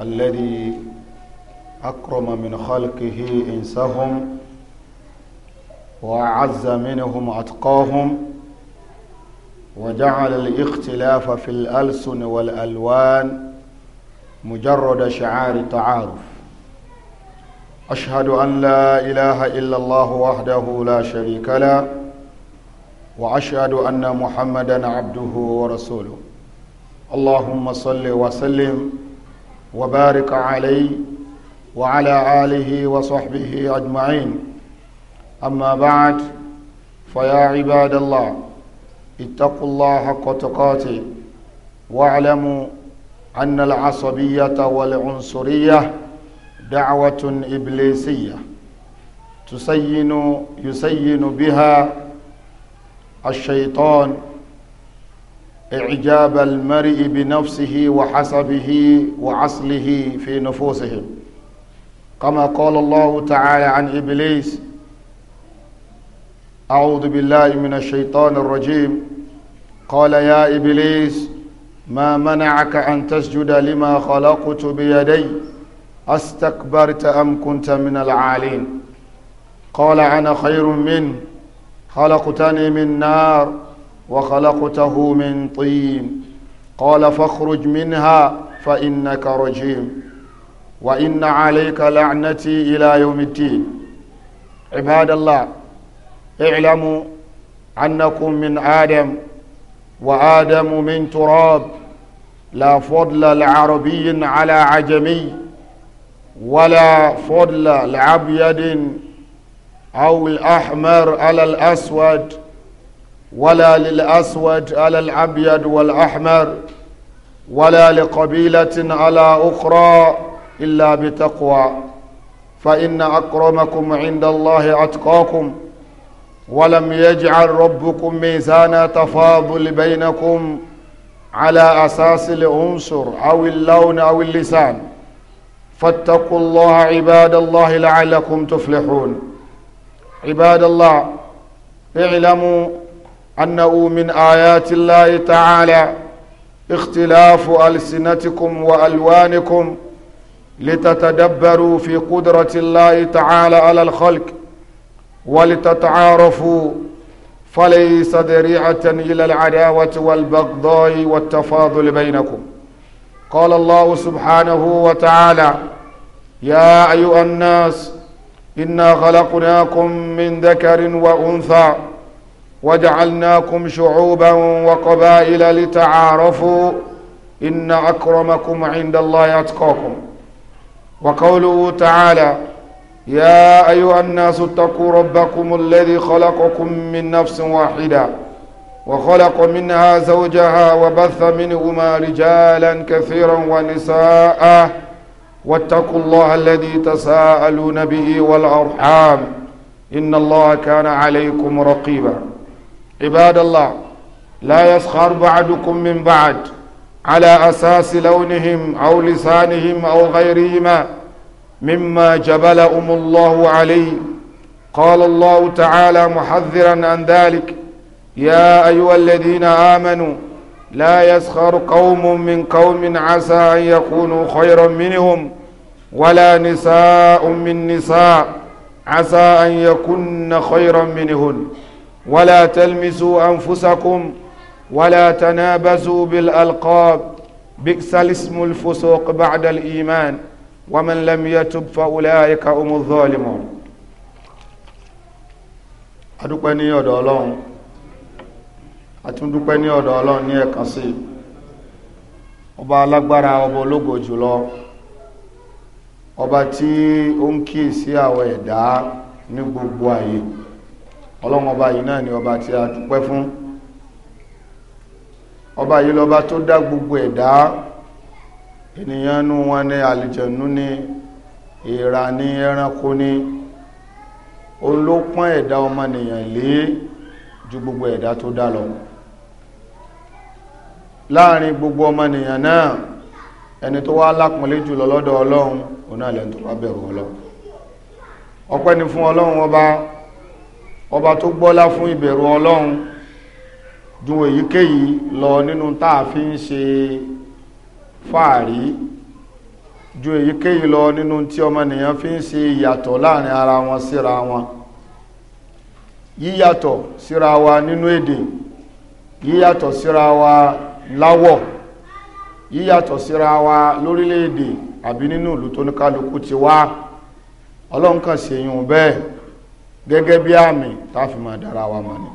الذي أكرم من خلقه إنسهم وأعز منهم أتقاهم وجعل الاختلاف في الألسن والألوان مجرد شعار تعارف أشهد أن لا إله إلا الله وحده لا شريك له وأشهد أن محمدا عبده ورسوله اللهم صل وسلم وبارك عليه وعلى آله وصحبه أجمعين أما بعد فيا عباد الله اتقوا الله حق تقاته واعلموا أن العصبية والعنصرية دعوة إبليسية تسين يسين بها الشيطان إعجاب المرء بنفسه وحسبه وعصله في نفوسهم كما قال الله تعالى عن إبليس أعوذ بالله من الشيطان الرجيم قال يا إبليس ما منعك أن تسجد لما خلقت بيدي أستكبرت أم كنت من العالين قال أنا خير منه خلقتني من نار وخلقته من طين قال فاخرج منها فإنك رجيم وإن عليك لعنتي إلى يوم الدين عباد الله اعلموا أنكم من آدم وآدم من تراب لا فضل لعربي على عجمي ولا فضل لعبيد أو الأحمر على الأسود ولا للأسود على الأبيض والأحمر ولا لقبيلة على أخرى إلا بتقوى فإن أكرمكم عند الله أتقاكم ولم يجعل ربكم ميزان تفاضل بينكم على أساس العنصر أو اللون أو اللسان فاتقوا الله عباد الله لعلكم تفلحون عباد الله اعلموا أنه من آيات الله تعالى اختلاف ألسنتكم وألوانكم لتتدبروا في قدرة الله تعالى على الخلق ولتتعارفوا فليس ذريعة إلى العداوة والبغضاء والتفاضل بينكم قال الله سبحانه وتعالى يا أيها الناس إنا خلقناكم من ذكر وأنثى وجعلناكم شعوبا وقبائل لتعارفوا إن أكرمكم عند الله أتقاكم وقوله تعالى يا أيها الناس اتقوا ربكم الذي خلقكم من نفس واحدة وخلق منها زوجها وبث منهما رجالا كثيرا ونساء واتقوا الله الذي تساءلون به والأرحام إن الله كان عليكم رقيباً عباد الله لا يسخر بعدكم من بعد على أساس لونهم أو لسانهم أو غيرهما مما جبلهم الله عليه قال الله تعالى محذرا عن ذلك يا أيها الذين آمنوا لا يسخر قوم من قوم عسى أن يكونوا خيرا منهم ولا نساء من نساء عسى أن يكن خيرا منهن ولا تلمزوا أنفسكم ولا تنابزوا بالألقاب بئس الاسم الفسوق بعد الإيمان ومن لم يتب فأولئك هم الظالمون adúpẹ́ ní ọ̀dọ̀ ọlọ́run àtúndúpẹ́ ní ọ̀dọ̀ ọlọ́run ní ẹ̀kan sí ọba alágbára ọba ológo jùlọ ọba tí ó ń kíyèsí àwọn ẹ̀dá ní gbogbo àyè ọlọ́run ọba yìí náà ni ọba tí a dúpẹ́ fún ọba yìí lọba tó dá gbogbo ẹ̀dá ènìyàn nú wọn ní àlìjẹ̀nú ní èèrà ní ẹranko ní olópọ́n ẹ̀dá ọmọnìyàn lé ju gbogbo ẹ̀dá tó dá lọ láàrin gbogbo ọmọnìyàn náà ẹni tó wá lápọ̀nlé jùlọ lọ́dọ̀ ọlọ́run òun náà lẹ́ni tó wá bẹ̀rù ọlọ́run ọpẹ́ fún ọlọ́run ọba ọba tó gbọ́lá fún ìbẹ̀rù ọlọ́run ju èyíkéyìí lọ nínú tá a fi ń ṣe fàárí ju èyíkéyìí lọ nínú tí ọmọnìyàn fi ń ṣe ìyàtọ̀ láàrin ara wọn síra wọn yíyàtọ̀ síra wa nínú èdè yíyàtọ̀ síra wa láwọ̀ yíyàtọ̀ síra wa lórílẹ̀-èdè àbí nínú ìlú tó ní kálukú ti wá ọlọ́nkàn ṣèyàn bẹ́ẹ̀ gẹ́gẹ́ bí àmì táfi máa dára wa mọ̀ ni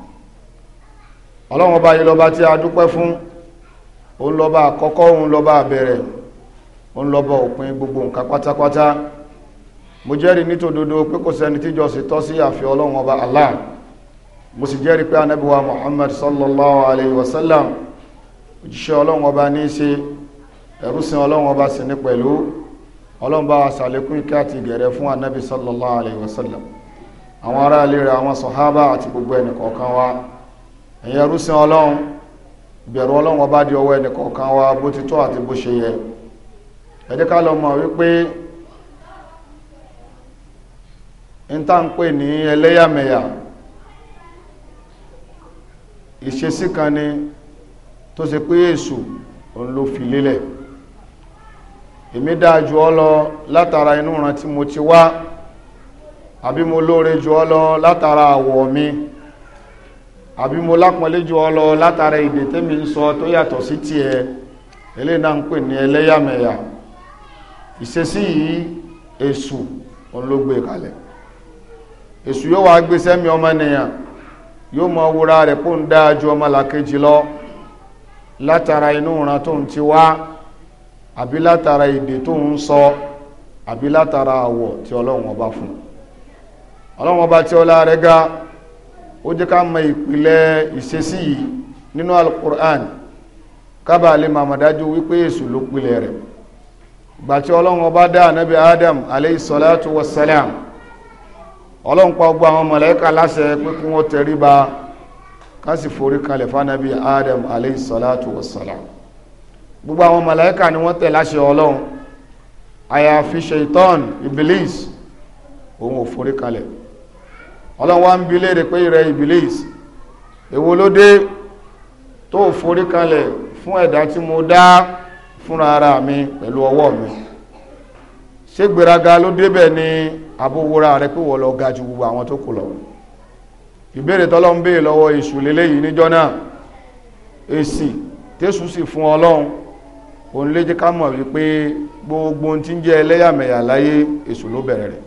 ọlọ́run ọba yìí lọ́ba tí a dúpẹ́ fún òun lọ́ba àkọ́kọ́ òun lọ́ba àbẹ̀rẹ̀ òun lọ́ba òpin gbogbo nǹkan pátápátá mo jẹ́rìí nítòdodo pé kò sẹ́ni tíjọ sí tọ́ sí àfi ọlọ́run ọba Allah mo sì jẹ́rìí pé ànábì wa Muhammad sallallahu alayhi wa sallam òjíṣẹ́ ọlọ́run ọba ní í ṣe ẹrúsìn ọlọ́run ọba sì ní pẹ̀lú ọlọ́run bá wa ṣàlékún àti ìgẹ̀rẹ́ fún ànábì sallallahu alayhi wa sallam àwọn ará ilé rẹ àwọn àti gbogbo ẹnìkọ̀ọ̀kan wa ẹ̀yin ẹrúsìn ọlọ́run bẹ̀rù ọlọ́run ọba di ọwọ́ ẹnìkọ̀ọ̀kan wa bó ti tọ́ àti bó ṣe yẹ ẹ lọ wípé ń tá pè ní ẹlẹ́yàmẹ̀yà ìṣesí kan àbí mo lóore jù ọ lọ látara àwọ̀ mi àbí mo lápọ̀nlé jù ọ lọ látara èdè tẹ́mi ń sọ tó yàtọ̀ sí tiẹ̀ eléyìí náà ń pè ní ẹlẹ́yàmẹ̀yà ìṣesí yìí èṣù òun e kalẹ̀ èṣù yóò wá gbé sẹ́mi yóò mọ wúra rẹ̀ kó ń dáa ju ọlọ́run ọba tí ọlá rẹ̀ ga ó jẹ́ ká mọ ìpìlẹ̀ ìṣesí yìí nínú alukur'an kábà lè màmà dájú wípé èṣù ló pilẹ̀ rẹ̀ ìgbà tí ọlọ́run ọba dá ànábì adam aleyhi salatu wassalam ọlọ́run pa gbogbo àwọn mọ̀lẹ́kà láṣẹ pé kí wọ́n tẹríba ká sì forí kalẹ̀ fánábì adam aleyhi salatu gbogbo àwọn mọ̀lẹ́kà ni wọ́n tẹ̀ láṣẹ ọlọ́run àyàfi ṣaitan iblis òun ò forí kalẹ̀ ọlọ́run wá ń bi léèrè pé ìrẹ ibilis èwo ló dé tó forí kanlẹ̀ fún ẹ̀dá tí mo dá fúnra ara mi pẹ̀lú ọwọ́ mi ṣé gbéraga ló débẹ̀ ni abówóra rẹ pé wọ́n lọ ga ju gbogbo àwọn tó kù lọ ìbéèrè tọ́lọ́ ń béè lọ́wọ́ èṣù lélẹ́yìí níjọ́ náà èsì tẹ́sù sì fún ọlọ́run òun lè ká mọ̀ wípé gbogbo ohun tí ń jẹ́ ẹlẹ́yàmẹ̀yà láyé èṣù ló bẹ̀rẹ̀ rẹ̀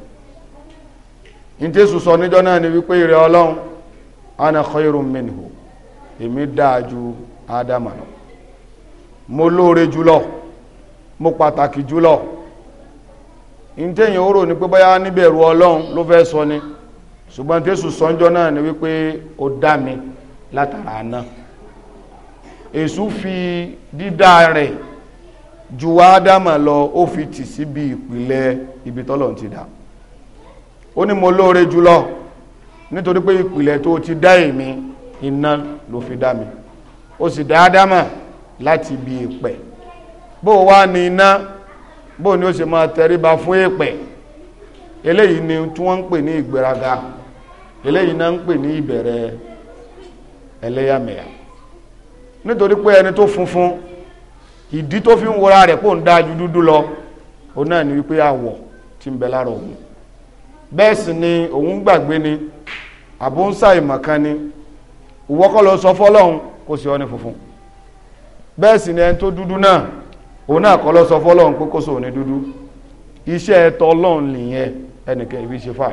ní tẹ́sù sọ níjọ́ náà ni wípé ìrẹ ọlọ́run ana khairun minhu èmi dáa ju ádámà lọ mo lóore jùlọ mo pàtàkì jùlọ ní tẹ́yìn ó rò ní pé báyá níbẹ̀rù ọlọ́run ló fẹ́ sọ ni ṣùgbọ́n tẹ́sù sọ́njọ́ náà ni wípé ó dá mi látara àná èṣù fi dídá rẹ̀ ju ádámà lọ ó fi tì síbi ìpìlẹ̀ ibi tọ́lọ́run ti dá. ó ní mo lóore jùlọ nítorí pé ìpìlẹ̀ tó ti dá èmi iná ló fi dá mi ó sì dá lati láti ibi bó wá ní iná bó ni ó ṣe máa tẹríba fún èpẹ̀ eléyìí ni tí wọ́n ń pè ní ìgbéraga eléyìí náà ń pè ní ìbẹ̀rẹ̀ ẹlẹ́yàmẹ̀yà nítorí pé ẹni tó funfun ìdí tó fi ń wọra rẹ̀ pò ń dáa lọ òun náà ni wípé àwọ̀ ti bẹ́ẹ̀ sì ni òun gbàgbé ni àbúnsà ìmọ̀kan ni ìwọ́kọ́ lọ sọ fọ́lọ́hun kò sí ọ funfun bẹ́ẹ̀ sì ni ẹni tó dúdú náà òun náà kọ́ lọ sọ fọ́lọ́hun pé kò sóò ní dúdú iṣẹ́ ẹ̀tọ́ ọlọ́run nìyẹn ẹnìkan ibi ṣe fà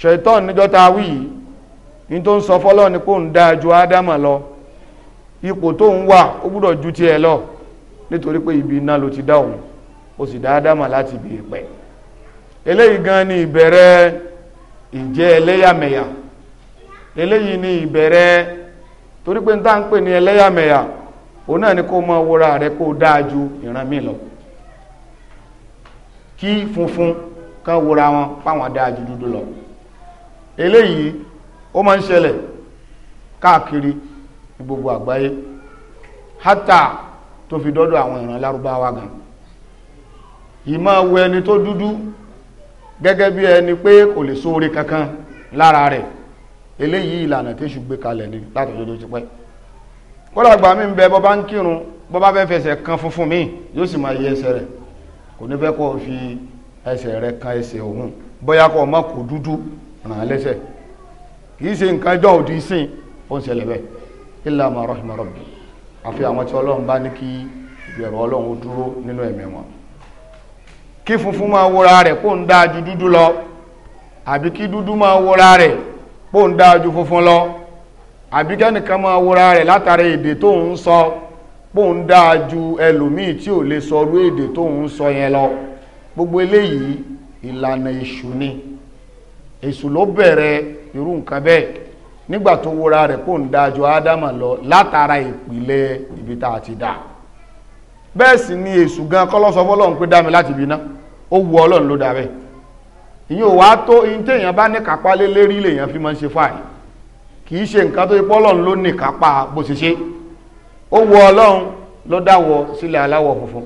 ṣètọ́n níjọ́ ta wí yìí ní tó ń sọ fọ́lọ́hun ni kò ń dáa ju ádámà lọ ipò tó ń wà ó gbúdọ̀ ju tiẹ̀ lọ nítorí pé ibi iná ló ti dá òun ó sì dá ádámà láti ibi ìpẹ́ eléyìí gan ni ìbẹ̀rẹ̀ ìjẹ́ ẹlẹ́yàmẹ̀yà eléyìí ni ìbẹ̀rẹ̀ torí pé tá ń pè ní ẹlẹ́yàmẹ̀yà o náà ni kó mọ wúra rẹ kó dáa ju ìran míì lọ kí funfun kan wúra wọn páwọn dáa ju dúdú lọ eléyìí ó máa ń ṣẹlẹ̀ káàkiri ní gbogbo àgbáyé hátà tó fi dọ́dọ̀ àwọn ìran lárúbáwá gan ìmọ̀ wẹni tó dúdú gẹ́gẹ́ bí ẹni pé kò lè sóore kankan lára rẹ̀ eléyìí ìlànà tí ṣùgbé kalẹ̀ ní látọ̀jọ́ ti pẹ́ kọ́lá mí ń bẹ bọ́bá ń kírun bọ́bá fẹ́ kan funfun mi yóò sì máa yẹ ẹsẹ̀ rẹ̀ kò ní fi ẹsẹ̀ rẹ̀ kan ẹsẹ̀ òun bóyá dúdú ràn án lẹ́sẹ̀ ṣe nǹkan ẹjọ́ òdì sìn ó ń ṣẹlẹ̀ bẹ́ẹ̀ ilà máa rọ́ọ̀ṣì máa àfi àwọn tí ọlọ́run bá ní kí funfun máa wora rẹ̀ kó ń dáa ju dúdú lọ àbí kí dúdú máa wora rẹ̀ kó ń dáa ju funfun lọ àbí kẹ́nìkan máa wora rẹ̀ látara èdè tó ń sọ kó ń dáa ju ẹlòmíì tí ò lè sọrú èdè tó ń sọ yẹn lọ gbogbo eléyìí ìlànà èṣù ni èṣù ló bẹ̀rẹ̀ irú nǹkan bẹ́ẹ̀ nígbà tó wora rẹ̀ kó ń dáa ju ádámà lọ látara ìpìlẹ̀ ibi tá a ti dá bẹ́ẹ̀ sì ni èṣù gan kọ́lọ́sọ fọ́lọ́run pé dá mi láti bi náà ó wu ọlọ́run ló dá bẹ́ẹ̀ ìyẹn ò wá tó ihun téèyàn bá ní kápá lé lérí lèèyàn fi máa ń ṣe fáàlì kì í ṣe nǹkan tó ipọ́ ọlọ́run ló ní kápá bó ṣe ṣe ó wu ọlọ́run ló sílẹ̀ aláwọ̀ funfun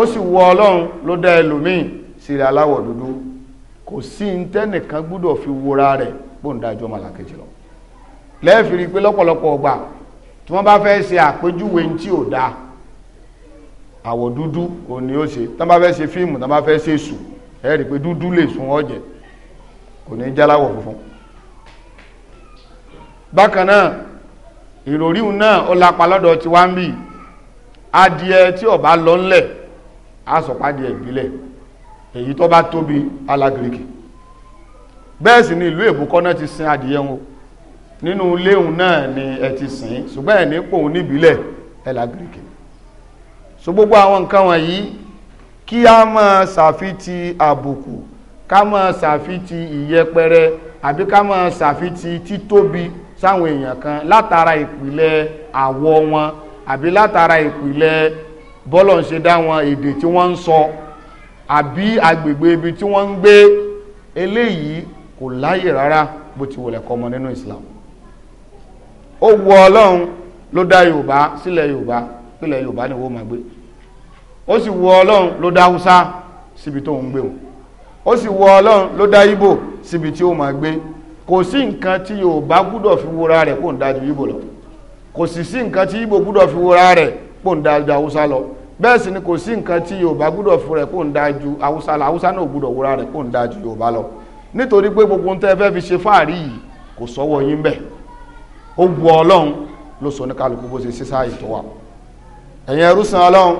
ó sì wu ọlọ́run ló dá ẹlòmíì sílẹ̀ aláwọ̀ dúdú kò sí fi wura rẹ̀ màlàkejì lọ lẹ́ẹ̀fì rí i pé lọ́pọ̀lọpọ̀ ọgbà tí wọ́n bá fẹ́ ṣe àpéjúwe àwọ̀ dúdú òun ni ó ṣe tán bá fẹ́ ṣe fíìmù tán bá fẹ́ ṣe sù ẹ rí i pé dúdú lè sun ọ̀jẹ̀ kò ní jáláwọ̀ funfun bákan náà ìròrí náà ó lapa lọ́dọ̀ tí wá ń bì adìẹ tí ọba lọ ńlẹ̀ á sọ̀pádìẹ ìbílẹ̀ èyí tó bá tóbi alágiriki bẹ́ẹ̀ sì ni ìlú èbúkọ́ náà ti sin adìyẹ wọn nínú léhùn náà ni ẹ ti sìn ṣùgbọ́n ẹ̀ ní pòun níbílẹ̀ ẹ̀làgìrìkì so gbogbo àwọn nǹkan wọ̀nyí kí a máa ṣàfitì àbùkù ká máa ṣàfitì ìyẹpẹrẹ àbí ká máa ṣàfitì títóbi sáwọn èèyàn kan látara ìpìlẹ̀ àwọ̀ wọn àbí látara ìpìlẹ̀ bọ́lọ̀ ń ṣe dá wọn èdè tí wọ́n ń sọ àbí agbègbè ibi tí wọ́n ń gbé eléyìí kò láyè rárá bó ti wọlé kọmọ nínú Islam ó wu Ọlọ́run ló dá Yorùbá sílẹ̀ Yorùbá pílẹ̀ Yorùbá ni wọ́n máa gbé ó sì wọ ọlọ́run ló dá haúsá síbi tó ń gbé o ó sì wọ ọlọ́run ló dá ibo síbi tí ó máa gbé kò sí nǹkan tí yorùbá gbúdọ̀ fi wúra rẹ̀ kó ń dájú ibo lọ kò sì sí nǹkan tí ibo gbúdọ̀ fi wúra rẹ̀ kó ń dájú haúsá lọ bẹ́ẹ̀ sì ni kò sí nǹkan tí yorùbá gbúdọ̀ fi rẹ̀ kó ń dájú haúsá lọ haúsá náà gbúdọ̀ wúra rẹ̀ kó ń dájú yorùbá lọ nítorí pé gbogbo tẹ́ fẹ́ fi ṣe fáàrí yìí kò sọ́wọ́ yín bẹ́ẹ̀ ó wu ọlọ́run ló sọ ní kálukú bó ṣe ṣe sáàyè tó wà ẹ̀yin ẹrú san ọlọ́run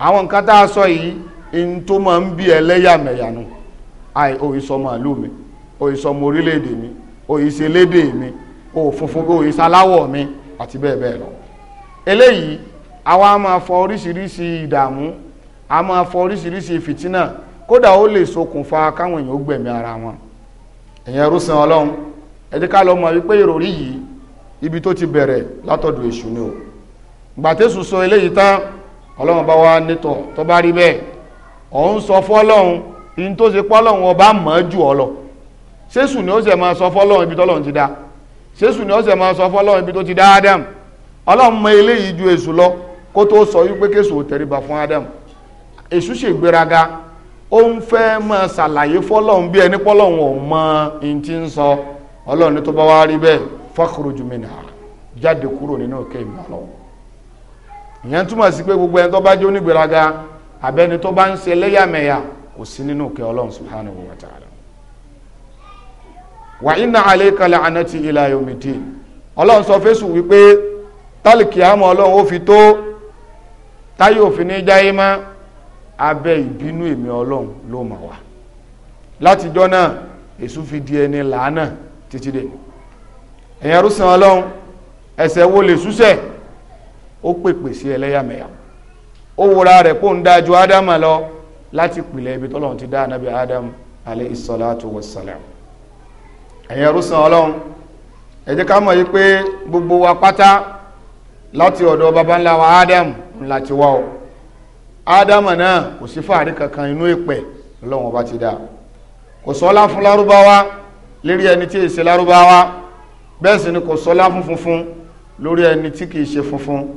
àwọn nǹkan tá a sọ yìí in tó máa ń bí ẹlẹ́yàmẹ̀yà nù àì òye sọmọ ìlú mi òye sọmọ orílẹ̀-èdè mi òye ṣẹlẹ́dè mi òye funfun òye ṣaláwọ̀ mi àti bẹ́ẹ̀ bẹ́ẹ̀ lọ eléyìí àwa a máa fọ oríṣiríṣi ìdààmú a máa fọ oríṣiríṣi fìtínà kódà ó lè ṣokùnfà káwọn èèyàn ó gbẹ̀mí ara wọn èèyàn rúsan ọlọ́run ẹ ká lọ mọ̀ wípé ìròrí yìí ibi tó ti bẹ̀rẹ̀ látọ̀dọ̀ èṣù ni o gbàtẹ́sù sọ eléyìí tán ọlọ́run bá wá nítọ̀ tó bá rí bẹ́ẹ̀ ọ̀hún sọ fọ́lọ́run in tó ṣe pọ́lọ́run ọba mọ̀ jù ọ lọ sẹ́sù ni ó sì máa sọ fọ́lọ́run ibi tọ́lọ́run ti dá sẹ́sù ni ó sì máa sọ fọ́lọ́run ibi tó ti dá Adam ọlọ́run mọ eléyìí ju èṣù lọ kó tó sọ wípé kéṣù tẹríba fún Adam èṣù ṣègbéraga ó ń fẹ́ máa ṣàlàyé fọ́lọ́run bí ẹni pọ́lọ́run ò mọ in ti ń sọ ọlọ́run tó bá wá rí bẹ́ẹ̀ fakhruj minha jáde kúrò nínú òkè ìmọ̀ ọlọ́run ìyẹn túmọ̀ sí pé gbogbo ẹni tó bá jó nígbèraga abẹ́ni tó bá ń ṣe lẹ́yàmẹ̀yà kò sí nínú ìkẹ́ ọlọ́run subhanahu wa ta'ala wa inna alayka la'anati ila yawmiddin ọlọ́run sọ fésù wípé tálìkì àmọ́ ọlọ́run ó fi tó táyé òfin ní jáyé mọ́ abẹ́ ìbínú èmi ọlọ́run ló mà wá látijọ́ náà èṣù fi di ẹni làánà títí dé ẹ̀yàn rúsan ọlọ́run ẹ̀ṣẹ̀ wo lè súṣẹ̀ ó pèpè sí ẹlẹ́yàmẹ̀yà ó wúra rẹ̀ kó ń dájú ádámà lọ láti pìlẹ̀ ibi tọ́lọ́run ti dá anábì ádámù alayhi salatu wassalam ẹ̀yẹ rúsan ọlọ́run ẹ ká mọ̀ yí pé gbogbo wa pátá láti ọ̀dọ̀ baba ńlá wa ádámù ńlá ti wá o ádámù náà kò sí fàárí kankan inú ìpẹ́ ti dá kò sọ́lá fún lárúbáwá lérí ẹni tí èsì lárúbáwá bẹ́ẹ̀ sì ni kò funfun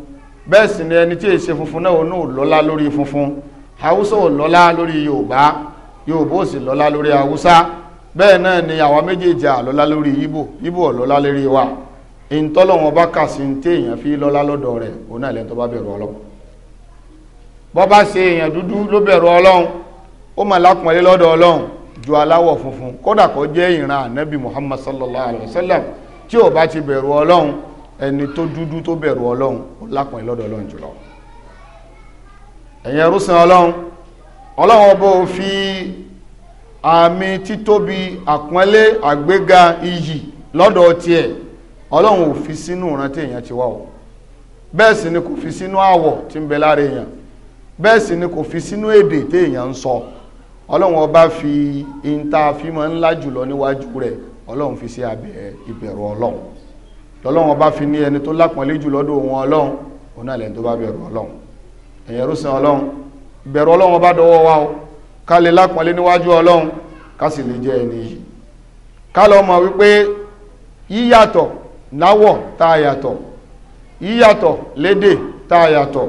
bẹ́ẹ̀ sì ni ẹni tí èsè funfun náà òun náà lọ́lá lórí funfun haúsá ò lọ́lá lórí yorùbá yorùbá ò sì lọ́lá lórí haúsá bẹ́ẹ̀ náà ni àwa méjèèjì àlọ́lá lórí yíbò yíbò ọ̀lọ́lá lórí wa ìntọ́lọ́wọ́n bá kà sí tí èèyàn fi lọ́lá lọ́dọ̀ rẹ̀ òun náà lẹ́ni tó bá bẹ̀rù ọlọ́run bọ́ bá ṣe èèyàn dúdú ló bẹ̀rù ọlọ́run ó mà lápọ̀nlé lọ́dọ̀ ọlọ́run ju aláwọ̀ funfun kódà kó jẹ́ ìran ànábì muhammad sallallahu alayhi wa sallam tí ò bá ti bẹ̀rù ọlọ́run ẹni tó dúdú tó bẹ̀rù ọlọ́run ó lápọn ìlọ́dọ̀ ọlọ́run jùlọ ẹ̀yin ẹrúsìn ọlọ́run ọlọ́run ọbọ̀ fi àmì títóbi àpọ́nlé àgbéga iyì lọ́dọ̀ tiẹ̀ ọlọ́run ò fi sínú ìrántí èèyàn ti wá o bẹ́ẹ̀ sì ni kò fi sínú àwọ̀ tí ń bẹ lára èèyàn bẹ́ẹ̀ sì ni kò fi sínú èdè tí èèyàn ń sọ ọlọ́run ọba fi ìntàfímọ̀ ńlá jùlọ níwájú rẹ̀ ọlọ́run fi sí abẹ́ ìbẹ̀rù ọlọ́run lọ́lọ́wọ́n bá fi ní ẹni tó lápọ̀nlé jù lọ́dọ̀ wọn ọlọ́run òun náà lẹ́ni tó bá bẹ̀rù ọlọ́run ẹ̀yẹ rúsan ọlọ́run bẹ̀rù ọlọ́run bá dọwọ́ wa o ká lè lápọ̀nlé níwájú ọlọ́run ká sì lè jẹ́ ẹni yìí ká lọ mọ̀ wípé yíyàtọ̀ láwọ̀ tá a yàtọ̀ yíyàtọ̀ lédè tá a yàtọ̀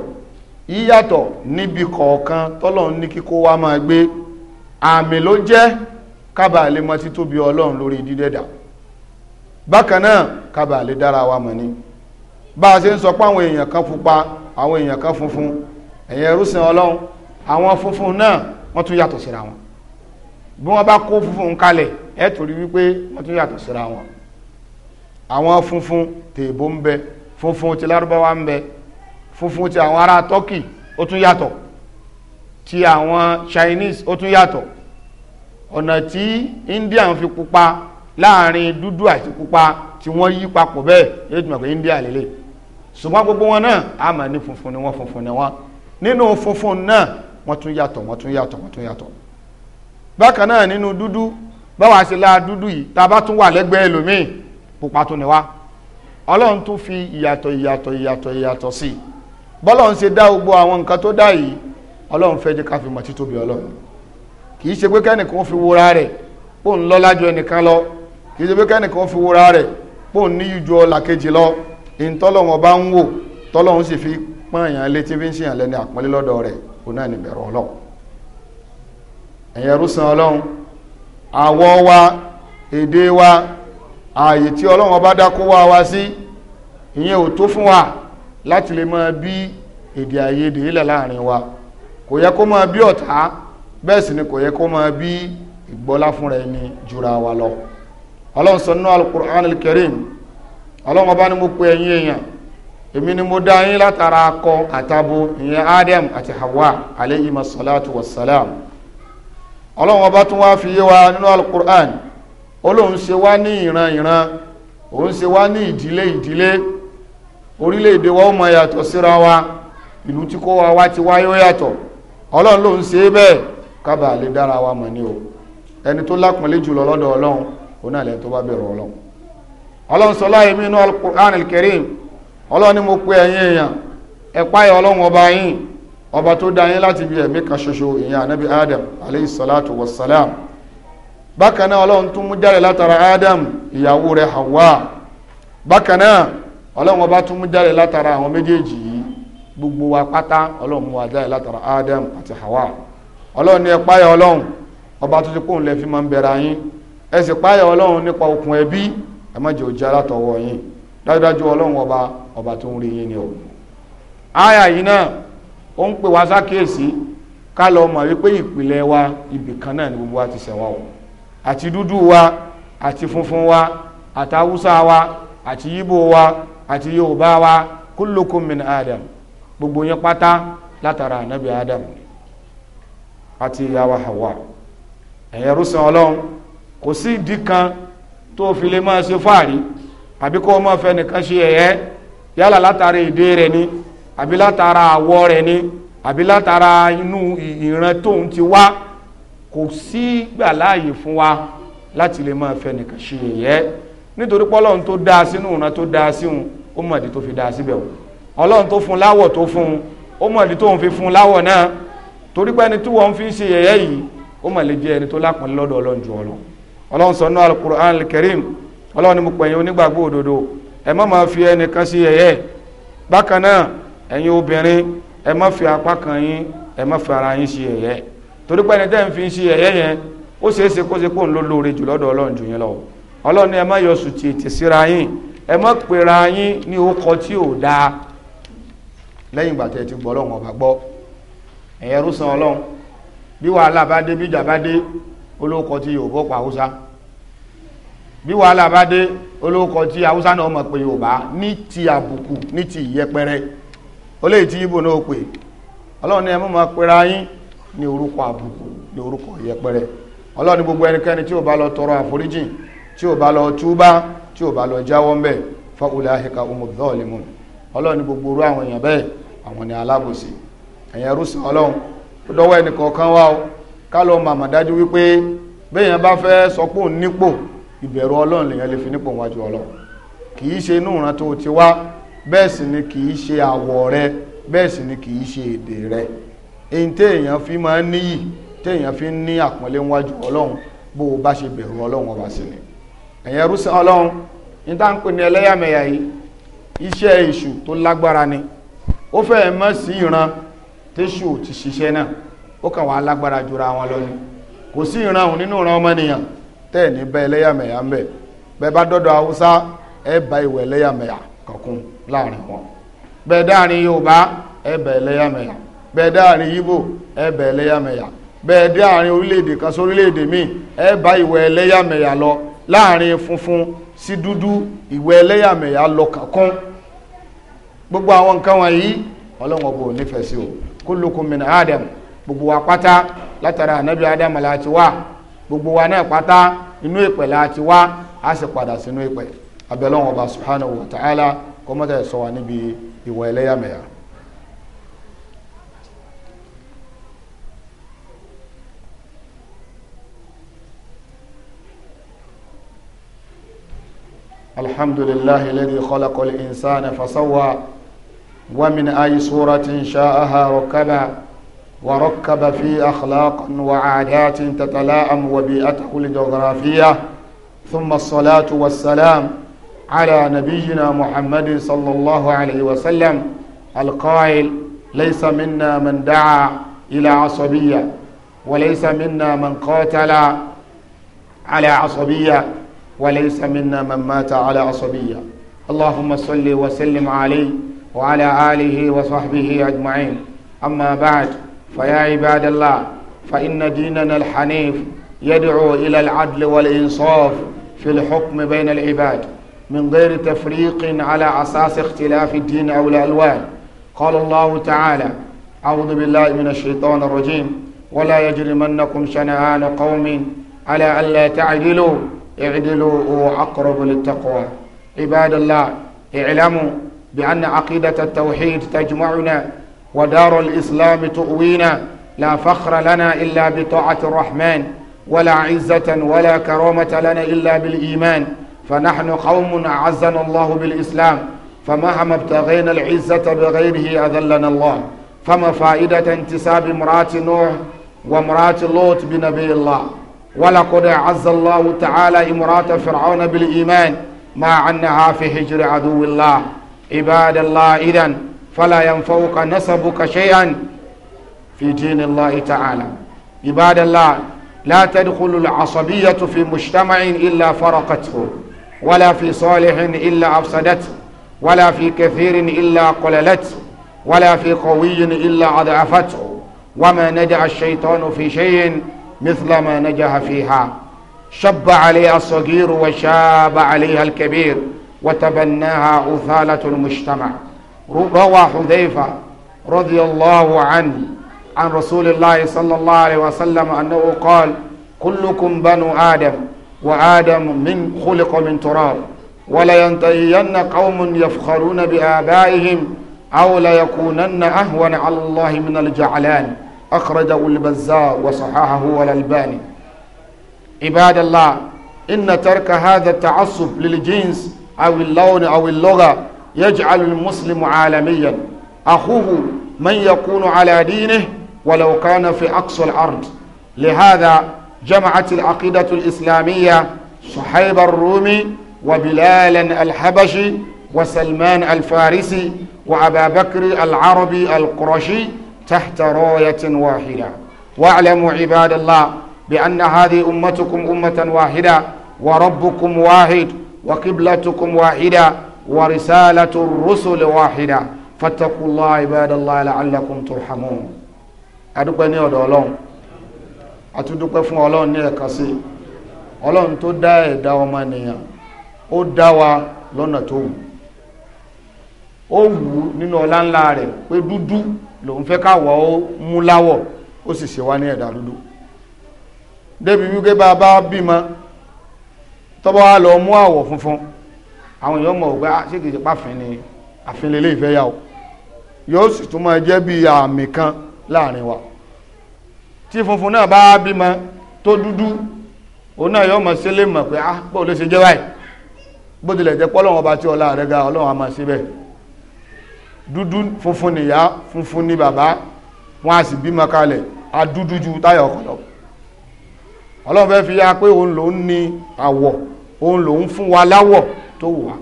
yíyàtọ̀ níbi kọ̀ọ̀kan tọ́lọ́run ní kíkó wa máa gbé àmì ló jẹ́ kábàá títóbi ọlọ́run lórí dídẹ́dàá bákan náà kábà lè dára wa mọ̀ ni bá a ṣe ń sọ pé àwọn èèyàn kan pupa àwọn èèyàn kan funfun ẹ̀yẹ rúṣin ọlọ́run àwọn funfun náà wọ́n tún yàtọ̀ síra wọn bí wọ́n bá kó funfun kalẹ̀ ẹ̀ torí wípé wọ́n tún yàtọ̀ síra wọn àwọn funfun tèèbó ń bẹ funfun ti lárúbáwá ń bẹ funfun ti àwọn ará turkey ó tún yàtọ̀ ti àwọn chinese ó tún yàtọ̀ ọ̀nà tí india ń fi pupa láàrin dúdú àti pupa tí wọ́n yí papọ̀ bẹ́ẹ̀ yóò tún mọ̀ pé India lélẹ̀ ṣùgbọ́n gbogbo wọn náà a máa ní funfun ni wọ́n funfun ni wọ́n nínú funfun náà wọ́n tún yàtọ̀ wọ́n tún yàtọ̀ wọ́n tún yàtọ̀ bákan náà nínú dúdú báwa ṣe la dúdú yìí tá a bá tún wà lẹ́gbẹ̀ẹ́ ẹlòmíì pupa tún ni wá ọlọ́run tún fi ìyàtọ̀ ìyàtọ̀ ìyàtọ̀ ìyàtọ̀ sí i bọ́lọ́run ṣe dá gbogbo àwọn nǹkan tó dá yìí ọlọ́run fẹ́ jẹ́ ká fi mọ̀ títóbi ọlọ́run kì í ṣe pé kẹ́nìkan fi wúra rẹ̀ ó ń lọ́lá ju ẹnìkan lọ kìí ṣe pé kẹ́nìkan fi wúra rẹ̀ pò ní ju ọlà kejì lọ ìtọ́lọ́wọ́n bá ń wò tọ́lọ́wọ́n sì fi pọ́n èèyàn létí fi ń ṣèyàn lẹ́ni àpọ́nlé lọ́dọ̀ rẹ̀ kò náà ní bẹ̀rù ọlọ́run ẹ̀yẹ rúsan ọlọ́run àwọ̀ wa èdè wa ààyè tí ọlọ́run bá dákó wá wa sí ìyẹn ò tó fún wa láti lè máa bí èdè àìyedè ilẹ̀ láàrin wa kò yẹ kó máa bí ọ̀tá bẹ́ẹ̀ sì ni kò yẹ kó máa bí ìgbọ́lá fúnra ẹni jura wa lọ ọlọ́run sọ nínú alukur'an alkarim ọlọ́run ọba ni mo pe ẹ̀yin èèyàn èmi ni mo dá yín látara akọ àtabo ìyẹn adam àti hawa aleyhi masalatu wasalam ọlọ́run ọba tún wá fi yé wa nínú alukur'an olóhun ṣe wá ní ìran ìran òun ṣe wá ní ìdílé ìdílé orílẹ̀-èdè wa ó mọ yàtọ̀ síra wa ìlú tí kó wa wá ti wáyé ó yàtọ̀ ọlọ́run ló ń ṣe bẹ́ẹ̀ kábàá lè dára wa mọ̀ ní o ẹni tó lápọ̀nlé jùlọ lọ́dọ̀ ọlọ́run oná lẹ́yìn tó bá bẹ̀rù ọlọ́run ọlọ́run sọ láyé mi inú alukur'an alkarim ọlọ́run ni mo pe ẹ̀yin èèyàn ẹ̀pá ẹ̀ ọlọ́run ọba yín ọba tó dá yín láti bí ẹ̀mí kan ṣoṣo ìyẹn anabi adam aleyhi salatu wa salam bákan náà ọlọ́run tún mú jáde látara adam ìyàwó rẹ̀ hawa bákan náà ọlọ́run ọba tún mú jáde látara àwọn gbogbo wa pátá ọlọ́run mú wa jáde látara adam àti hawa ọlọ́run ni ẹ̀pá ẹ̀ ọlọ́run ọba tó ti kóhun lẹ́ fi máa ń bẹ̀rẹ̀ yín ẹ sì páyà ọlọ́run nípa okùn ẹbí ẹ má jẹ́ ó jẹ́ alátọwọ́ yín dájúdájú ọlọ́run ọba ọba tó ń rí yín ni o àyà yìí náà ó ń pè wá sákèésí ká lọ mọ̀ wípé ìpìlẹ̀ wa ibì kan náà ni gbogbo wa ti ṣẹ̀wá o àti dúdú wa àti funfun wa àti haúsá wa àti yíbò wa àti yorùbá wa kullukum min adam gbogbo yẹn pátá látara ànábì adam àti ìyá wa hawa ẹ̀yẹ rúṣan ọlọ́run kò sí ìdí kan tó fi lè máa ṣe fáàrí àbí kó o máa fẹ́ nìkan ṣe ẹ̀yẹ yálà látara èdè rẹ̀ ni àbí látara àwọ̀ rẹ̀ ni àbí látara inú ìran tóun ti wá kò sí gbà láàyè fún wa láti lè máa fẹ́ nìkan ṣe ẹ̀yẹ nítorí pọ́lọ́run tó dáa sínú ìran tó dáa síhun ó mọ̀ ìdí tó fi dáa síbẹ̀ o ọlọ́run tó fún láwọ̀ tó fún ó mọ̀ tóun fi fún láwọ̀ náà torí pé ẹni tí wọ́n fi ń ṣe ẹ̀yẹ yìí ó mọ̀ lè jẹ́ ẹni tó lápọn lọ́dọ̀ ọlọ́run ju ọlọ́run ọlọ́run sọ nínú alukur'an alkarim ọlọ́run ni mo pè yín onígbàgbọ́ òdodo ẹ má máa fi ẹnìkan sí yẹ̀yẹ́ bákan náà ẹ̀yin obìnrin ẹ má fi apá kan yín ẹ má fi ara yín sí yẹ̀yẹ́ torí pé ẹni tẹ́ ń fi sí yẹ̀yẹ́ yẹn ó ṣeé ṣe kó ṣe kó ń lo lóore jù lọ́dọ̀ ọlọ́run jù yín lọ ọlọ́run ni ẹ má yọ sùtì ètè síra yín ẹ má pera yín ní okọ tí ò dáa lẹ́yìn ìgbà tẹ́ ti gbọ́ ọlọ́run ọba gbọ́ ẹ̀yẹ́rú san ọlọ́run bí wàhálà bá dé bí ìjà bá dé olóòkọ tí Yorùbá pa Haúsá bí wàhálà bá dé olóòkọ tí Haúsá náà mọ̀ pé Yorùbá ní ti àbùkù ní ti ìyẹpẹrẹ ó lè ti Ìbò náà pè Ọlọ́run ni ẹ mọ̀ pera yín ní orúkọ àbùkù ní orúkọ ìyẹpẹrẹ Ọlọ́run ni gbogbo ẹnikẹ́ni tí ò bá lọ tọrọ àforíjìn tí ò bá lọ túbá tí ò bá lọ jáwọ́ ń bẹ̀ fọ́kùlẹ̀ àhíkà omobdọ́ọ̀lẹ́mùn Ọlọ́run ni gbogbo orú àwọn èèyàn bẹ́ẹ̀ àwọn ni alábòsí ẹ̀yẹn rúṣin Ọlọ́run ó dọ́wọ́ ẹnìkọ̀ọ̀kan wá ká lọ màmà dájú wípé béèyàn bá fẹ́ sọ pé òun nípò ìbẹ̀rù ọlọ́run lèyàn lè fi nípò wájú ọlọ́run kì í ṣe inú ìran tó ti wá bẹ́ẹ̀ sì ni kì í ṣe àwọ̀ rẹ bẹ́ẹ̀ sì ni kì í ṣe èdè rẹ èyí téèyàn fi máa ń níyì téèyàn fi ń ní àpọ́nlé wájú ọlọ́run bó o bá ṣe bẹ̀rù ọlọ́run ọba sí ni ẹ̀yẹn rúṣin ọlọ́run ní tá à ń pè ní ẹlẹ́yàmẹ̀yà yìí iṣẹ́ èṣù tó lágbára ni ó fẹ́ẹ̀ mọ́ sí ìran téṣù ti ṣiṣẹ́ náà ó kàn wá lágbára jura wọn lọ kò sí ìran nínú ìran ọmọnìyàn tẹ́ ẹ̀ ní bẹ́ ẹlẹ́yàmẹ̀yà ń bẹ̀ bẹ́ẹ̀ bá dọ́dọ̀ haúsá ẹ bá ìwẹ̀ ẹlẹ́yàmẹ̀yà láàrin wọn bẹ́ẹ̀ dáàrin yorùbá ẹ bẹ̀ ẹlẹ́yàmẹ̀yà bẹ́ẹ̀ dáàrin yíbò ẹ bẹ̀ ẹlẹ́yàmẹ̀yà bẹ́ẹ̀ dáàrin orílẹ̀-èdè kan sí orílẹ̀-èdè míì ẹ bá ìwẹ̀ ẹlẹ́yàmẹ̀yà lọ láàrin funfun sí dúdú ìwẹ̀ ẹlẹ́yàmẹ̀yà lọ gbogbo àwọn nǹkan wọ̀nyí ọlọ́wọ́n nífẹ̀ẹ́ sí o gbogbo wa pátá látara ànábì ádámù la ti wá gbogbo wa náà pátá inú ìpẹ̀ la ti wá a sì padà sínú ìpẹ̀ abẹ́lẹ́wọ̀n ọba subhanahu wa ta'ala kọ́mọ́tà ẹ̀ sọ wa níbi ìwà ẹlẹ́yàmẹ̀yà. الحمد لله الذي خلق الإنسان فسوى ومن أي صورة شاءها ركبا وركب في أخلاق وعادات تتلائم وبيئته الجغرافية ثم الصلاة والسلام على نبينا محمد صلى الله عليه وسلم القائل ليس منا من دعا إلى عصبية وليس منا من قاتل على عصبية وليس منا من مات على عصبية اللهم صل وسلم عليه وعلى آله وصحبه أجمعين أما بعد فيا عباد الله فإن ديننا الحنيف يدعو إلى العدل والإنصاف في الحكم بين العباد من غير تفريق على أساس اختلاف الدين أو الألوان قال الله تعالى أعوذ بالله من الشيطان الرجيم ولا يجرمنكم شنآن قوم على ألا تعدلوا اعدلوا أقرب للتقوى عباد الله اعلموا بأن عقيدة التوحيد تجمعنا ودار الإسلام تؤوينا لا فخر لنا إلا بطاعة الرحمن ولا عزة ولا كرامة لنا إلا بالإيمان فنحن قوم أعزنا الله بالإسلام فمهما ابتغينا العزة بغيره أذلنا الله فما فائدة انتساب امرأة نوح وامرأة لوط بنبي الله ولقد أعز الله تعالى امرأة فرعون بالإيمان ما عنها في هجر عدو الله عباد الله إذن فلا ينفوك نسبك شيئا في دين الله تعالى عباد الله لا تدخل العصبية في مجتمع إلا فرقته ولا في صالح إلا أفسدته ولا في كثير إلا قللته ولا في قوي إلا أضعفته وما نجع الشيطان في شيء مثل ما نجح فيها شب عليها الصغير وشاب عليها الكبير وتبناها أثالة المجتمع روى حذيفة رضي الله عنه عن رسول الله صلى الله عليه وسلم أنه قال كلكم بنو آدم وآدم من خلق من تراب ولينتهين قوم يفخرون بآبائهم أو ليكونن أهون على الله من الجعلان أخرجه البزار وصححه والألباني عباد الله إن ترك هذا التعصب للجنس أو اللون أو اللغة يجعل المسلم عالميا أخوه من يكون على دينه ولو كان في أقصى الأرض لهذا جمعت العقيدة الإسلامية صحيب الرومي وبلالا الحبشي وسلمان الفارسي وأبا بكر العربي القرشي تحت راية واحدة واعلموا عباد الله بأن هذه أمتكم أمة واحدة وربكم واحد وقبلتكم واحدة ورسالة الرسل واحدة فاتقوا الله عباد الله لعلكم ترحمون adúpẹ́ ní ọ̀dọ̀ ọlọ́run àtúndúpẹ́ fún ọlọ́run ní ẹ̀ka sí ọlọ́run tó dá ẹ̀dá ọmọnìyàn ó dá wa lọ́nà tó wù o wù ú nínú ọlá ńlá rẹ̀ pé dúdú lòun fẹ́ káwọ̀ ó mú láwọ̀ ó sì ṣe funfun àwọn èèyàn mọ̀ ọ̀gbá ah, ṣé kìí ṣe páfin ni àfinlélé ìfẹ́yàwó yóò sì tún máa jẹ́ bí àmì kan láàrin wa tí funfun náà bá bímọ tó dúdú òun náà yóò mọ̀ sí lè pé ah bó ló ṣe jẹ́ báyìí bó tilẹ̀ jẹ́ pọ́lọ́wọ́n ọba tí ọlá rẹ̀ ga ọlọ́wọ́n a máa ṣe bẹ́ẹ̀ dúdú funfun nìyá funfun ní bàbá wọn a sì bímọ kalẹ̀ a dúdú ju táyà ọkọ̀ lọ ọlọ́run fẹ́ fi ya pé òun lòún ní àwọ̀ òun lòún fún wa láwọ̀ tó wù wá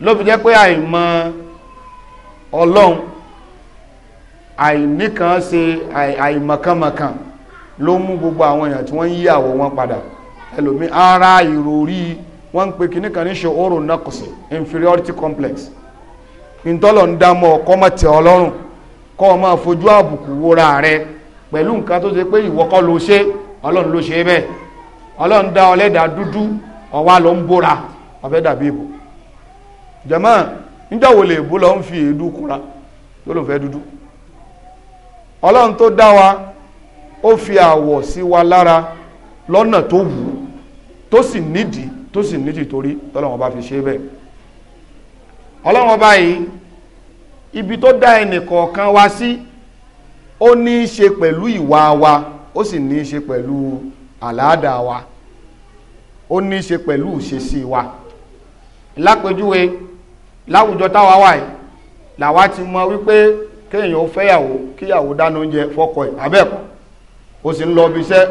ló fi jẹ́ pé àìmọ̀ ọlọ́run àìníkan ṣe àìmọ̀kànmọ̀kàn ló mú gbogbo àwọn èèyàn tí wọ́n ń yí wọn padà ẹlòmí ara ìròrí wọ́n ń pe kinní kan ní ṣe oòrùn nọ́kùsì inferiority complex ìtọ́lọ̀ ń dá mọ́ ọkọ́ mọ́ tẹ ọlọ́run kọ́ ọ máa fojú àbùkù wora rẹ pẹ̀lú nǹkan tó ṣe pé ìwọ kọ́ ló ṣe ọlọ́run ló ṣe bẹ́ẹ̀ ọlọ́run dá ọlẹ́dàá dúdú ọ̀wá ló ń bóra wọ́n fẹ́ dàbí ìbò jẹ̀mọ́ níjọ́ wo lè bú lọ ń fi èédú kúnra tó ló fẹ́ dúdú ọlọ́run tó dá wa ó fi àwọ̀ sí wa lára lọ́nà tó wù ú tó sì nídìí tó sì nídìí torí tọ́lọ́wọ́n bá fi ṣe bẹ́ẹ̀ ọlọ́run báyìí ibi tó dá ẹnì kọ̀ọ̀kan wa sí ó ní í ṣe pẹ̀lú ìwà wa ó sì ní í ṣe pẹ̀lú àláàdà wa ó ní í ṣe pẹ̀lú ìṣesí wa. Si lápèjúwe láwùjọ táwa wà yìí làwa ti mọ wípé kéèyàn ó fẹ́yàwó kíyàwó dáná oúnjẹ fọ́kọ ẹ̀ abẹ́ẹ̀kọ́ ó sì ń lọ ibi iṣẹ́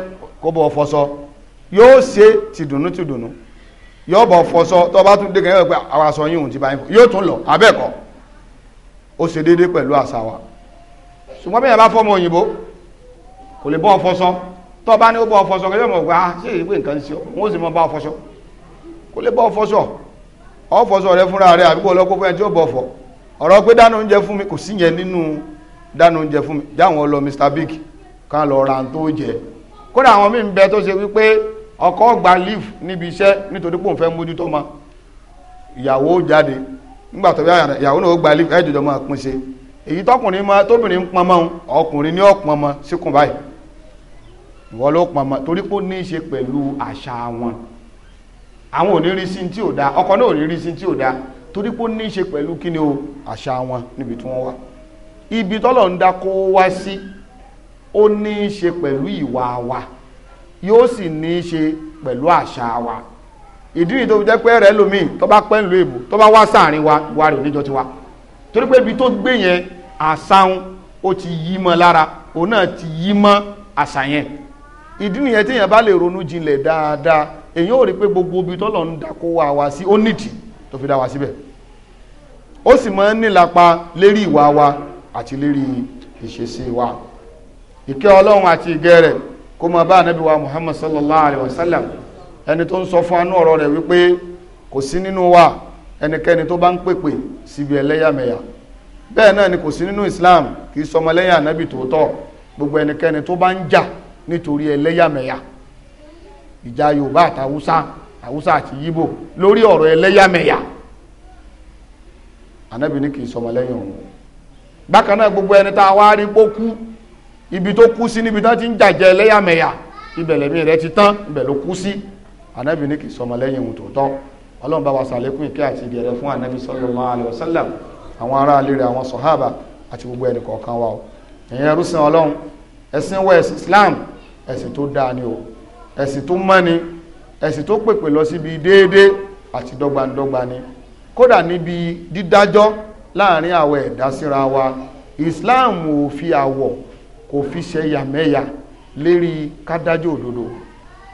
kó bọ̀ fọṣọ yóò ṣe tìdùnnú tìdùnnú yóò bọ̀ fọṣọ tó bá tún dé kẹ́yìn pé àwọn aṣọ yìí òun ti bá yín fọ yóò tún lọ abẹ́ẹ̀kọ́ ó ṣe déédéé pẹ̀lú àṣà wa ṣùgbọ́n bí yẹn bá fọ́mọ òyìnbó kò lè bọ́ fọṣọ tó bá ní ó bọ́ ọ fọṣọ kẹ́yìn mọ̀ gbà ah, ṣé ìwé nǹkan ń ṣe ó wọ́n sì mọ bá fọṣọ kò lè bọ́ fọṣọ ọ fọsọ rẹ fúnra rẹ àbíkó ọlọ́kọ́ fún ẹ tí ó bọ̀ fọ ọrọ pé dáná oúnjẹ fún mi kò sí yẹn nínú dáná oúnjẹ fún mi dáwọn Mr Big kan lọ ra tó jẹ kódà àwọn míì ń bẹ tó ṣe wípé ọkọ gba leaf níbi iṣẹ́ nítorí pòun fẹ́ mójútó ma ìyàwó jáde nígbà tó bí ìyàwó náà ó gba leave èyí tọkùnrin tóbìnrin àwọn ò ní rí sí tí ò da ọkọ náà ò tí ò da torí pé ó ní í ṣe pẹ̀lú kí ni o àṣà wọn níbi tí wọ́n wá ibi tọ́lọ̀ ń dá kó wá sí ó ní í ṣe pẹ̀lú ìwà wa yóò sì ní í ṣe pẹ̀lú àṣà wa ìdí nìyí tó fi jẹ́ pé rẹ̀ lómi tó bá pẹ́ ńlú èbò tó bá wá sáàrin wa ìwà rẹ̀ oníjọ ti wa torí pé ibi tó gbé yẹn àṣàun ó ti yí mọ́ lára òun náà ti yí mọ́ àṣà yẹn ìdí nìyẹn téèyàn bá lè ronú jinlẹ̀ dáadáa èyí ò rí pé gbogbo ibi tọ́lọ̀ ń dákó wa wá sí ó nídìí tó fi dá wa síbẹ̀ ó sì máa ń nílapa lérí ìwà wa àti lérí ìṣesí wa ìkẹ́ ọlọ́run àti ìgẹ́ rẹ̀ kó máa bá ànábì muhammad sallallahu alayhi wa sallam ẹni tó ń sọ fún anú ọ̀rọ̀ rẹ̀ wípé kò sí nínú wa ẹnikẹ́ni tó bá ń pèpè síbi ẹlẹ́yàmẹ̀yà bẹ́ẹ̀ náà ni kò sí nínú islam kì í sọmọlẹ́yìn ànábì tòótọ́ gbogbo ẹnikẹ́ni tó bá ń jà nítorí ẹlẹ́yàmẹ̀yà ìjà yorùbá àtàwùsá àwùsá àti yíbò lórí ọ̀rọ̀ ẹlẹ́yàmẹ̀yà anábì ní kì í sọmọlẹ́yìn òun bákan náà gbogbo ẹni tá a wá rí pó kú ibi tó kú sí níbi tó ti ń jàjẹ ẹlẹ́yàmẹ̀yà ibẹ̀ lẹ́mí rẹ̀ ti tán ibẹ̀ ló kú sí anábì ní kì í sọmọlẹ́yìn òun tòótọ́ ọlọ́run bá wa sàlékún ìkẹ́ àti ìgẹ̀rẹ̀ fún anábì sallallahu alaihi wasallam àwọn ará ilé rẹ̀ àwọn sọ̀hábà àti gbogbo ẹnì kọ̀ọ̀kan wa o ẹ̀yin ẹrú islam ẹ̀sìn tó dáa ni o ẹ̀sìn tó mọ́ni ẹ̀sìn tó pèpè lọ síbi déédé àti dọ́gbandọ́gba ni kódà níbi dídájọ́ láàrin àwọn ẹ̀dá síra wa Islam ò fi àwọ̀ kò fi ṣe yàmẹ́yà lérí kádájọ́ òdodo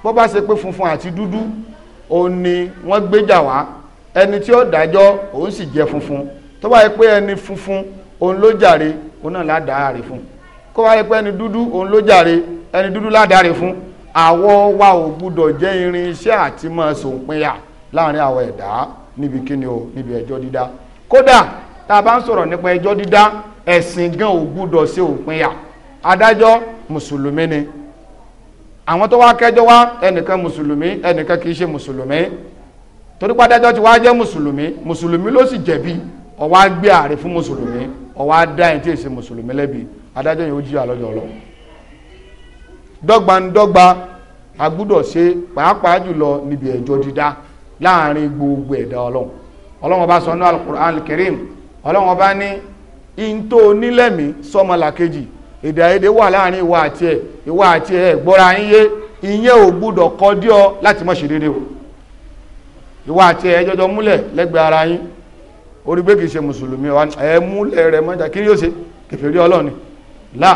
bó bá ṣe pé funfun àti dúdú òun ni wọ́n gbéjà wá ẹni tí ó dájọ́ òun sì jẹ́ funfun tó bá yẹ pé ẹni funfun òun ló jàre òun náà ládàá rè fún kó bá yẹ pé ẹni dúdú òun ló jàre ẹni dúdú ládàá rè fún àwọ̀ wa ò gbúdọ̀ jẹ́ irinṣẹ́ àti máa sòpinya láàrin àwọn ẹ̀dá níbi kíni o níbi ẹjọ́ dídá kódà tá a bá ń sọ̀rọ̀ nípa ẹjọ́ dídá ẹ̀sìn gan ò gbúdọ̀ ṣe òpinya adájọ́ mùsùlùmí ni àwọn tó wá kẹjọ́ wá ẹnìkan mùsùlùmí ẹnìkan kì í ṣe mùsùlùmí torí pádájọ́ ti wá jẹ́ mùsùlùmí mùsùlùmí ló sì jẹ̀bi ó wá gbé ààrẹ fún mùsùlùmí ó wá dá ẹni tí ì ṣe mùsùlùmí lẹ́bi adájọ́ yìí dọ́gbandọ́gba a gbúdọ̀ ṣe pàápàá jùlọ níbi ẹjọ́ dídá láàrin gbogbo ẹ̀dá ọlọ́run ọlọ́run ọba sọ ní alukur'an kerim ọlọ́run ọba ní ìntò onílẹ̀mí sọmọlàkejì èdè àìyedè wà láàrin ìwà àti ẹ̀ ìwà àti ẹ̀ gbọ́ra yín ìyẹn ò gbúdọ̀ kọ dí ọ láti mọ̀ ṣe déédéé o ìwà àti ẹ̀ jọjọ múlẹ̀ lẹ́gbẹ̀ẹ́ ara yín orí pé kì í ṣe mùsùlùmí wa ẹ̀ múlẹ̀ rẹ̀ mọ́jà kí ni yóò ṣe kẹfẹ́ rí ọlọ́run là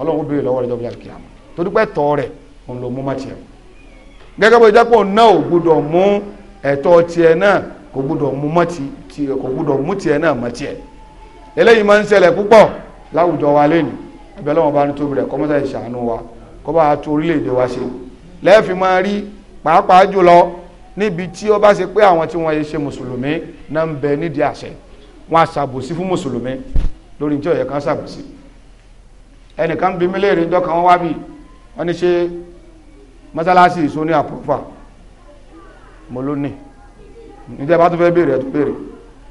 ọlọ́run ó béèrè lọ́wọ́ rẹ̀ jọ́bí àkíyàmọ́ torí pé ẹ̀tọ́ rẹ̀ òun ló mú má tiẹ̀ gẹ́gẹ́ bó jẹ́pọ̀ náà ò gbúdọ̀ mú ẹ̀tọ́ tiẹ̀ náà kò gbúdọ̀ mú má tiẹ̀ kò gbúdọ̀ mú tiẹ̀ náà má tiẹ̀ eléyìí máa ń ṣẹlẹ̀ púpọ̀ láwùjọ wa lẹ́nu ẹbẹ̀ lọ́wọ́ bá ní tóbi rẹ̀ kọ́mọ́tà ìṣàánú wa kó bá a tún orílẹ̀-èdè wa ṣe lẹ́ẹ̀fì máa rí pàápàá jùlọ níbi tí ó bá ṣe pé àwọn tí wọ́n yẹ ṣe mùsùlùmí náà ń bẹ nídìí àṣẹ wọn aṣàbòsí fún mùsùlùmí lórí tí ó kan ṣàbòsí ẹnìkan bí mílíọ̀nù ìjọ kan wá bíi wọ́n ní ṣe mọ́sálásí ìṣó ní àpọ́fà mo ló ní níjẹ́ bá tó fẹ́ béèrè ẹ̀ tó béèrè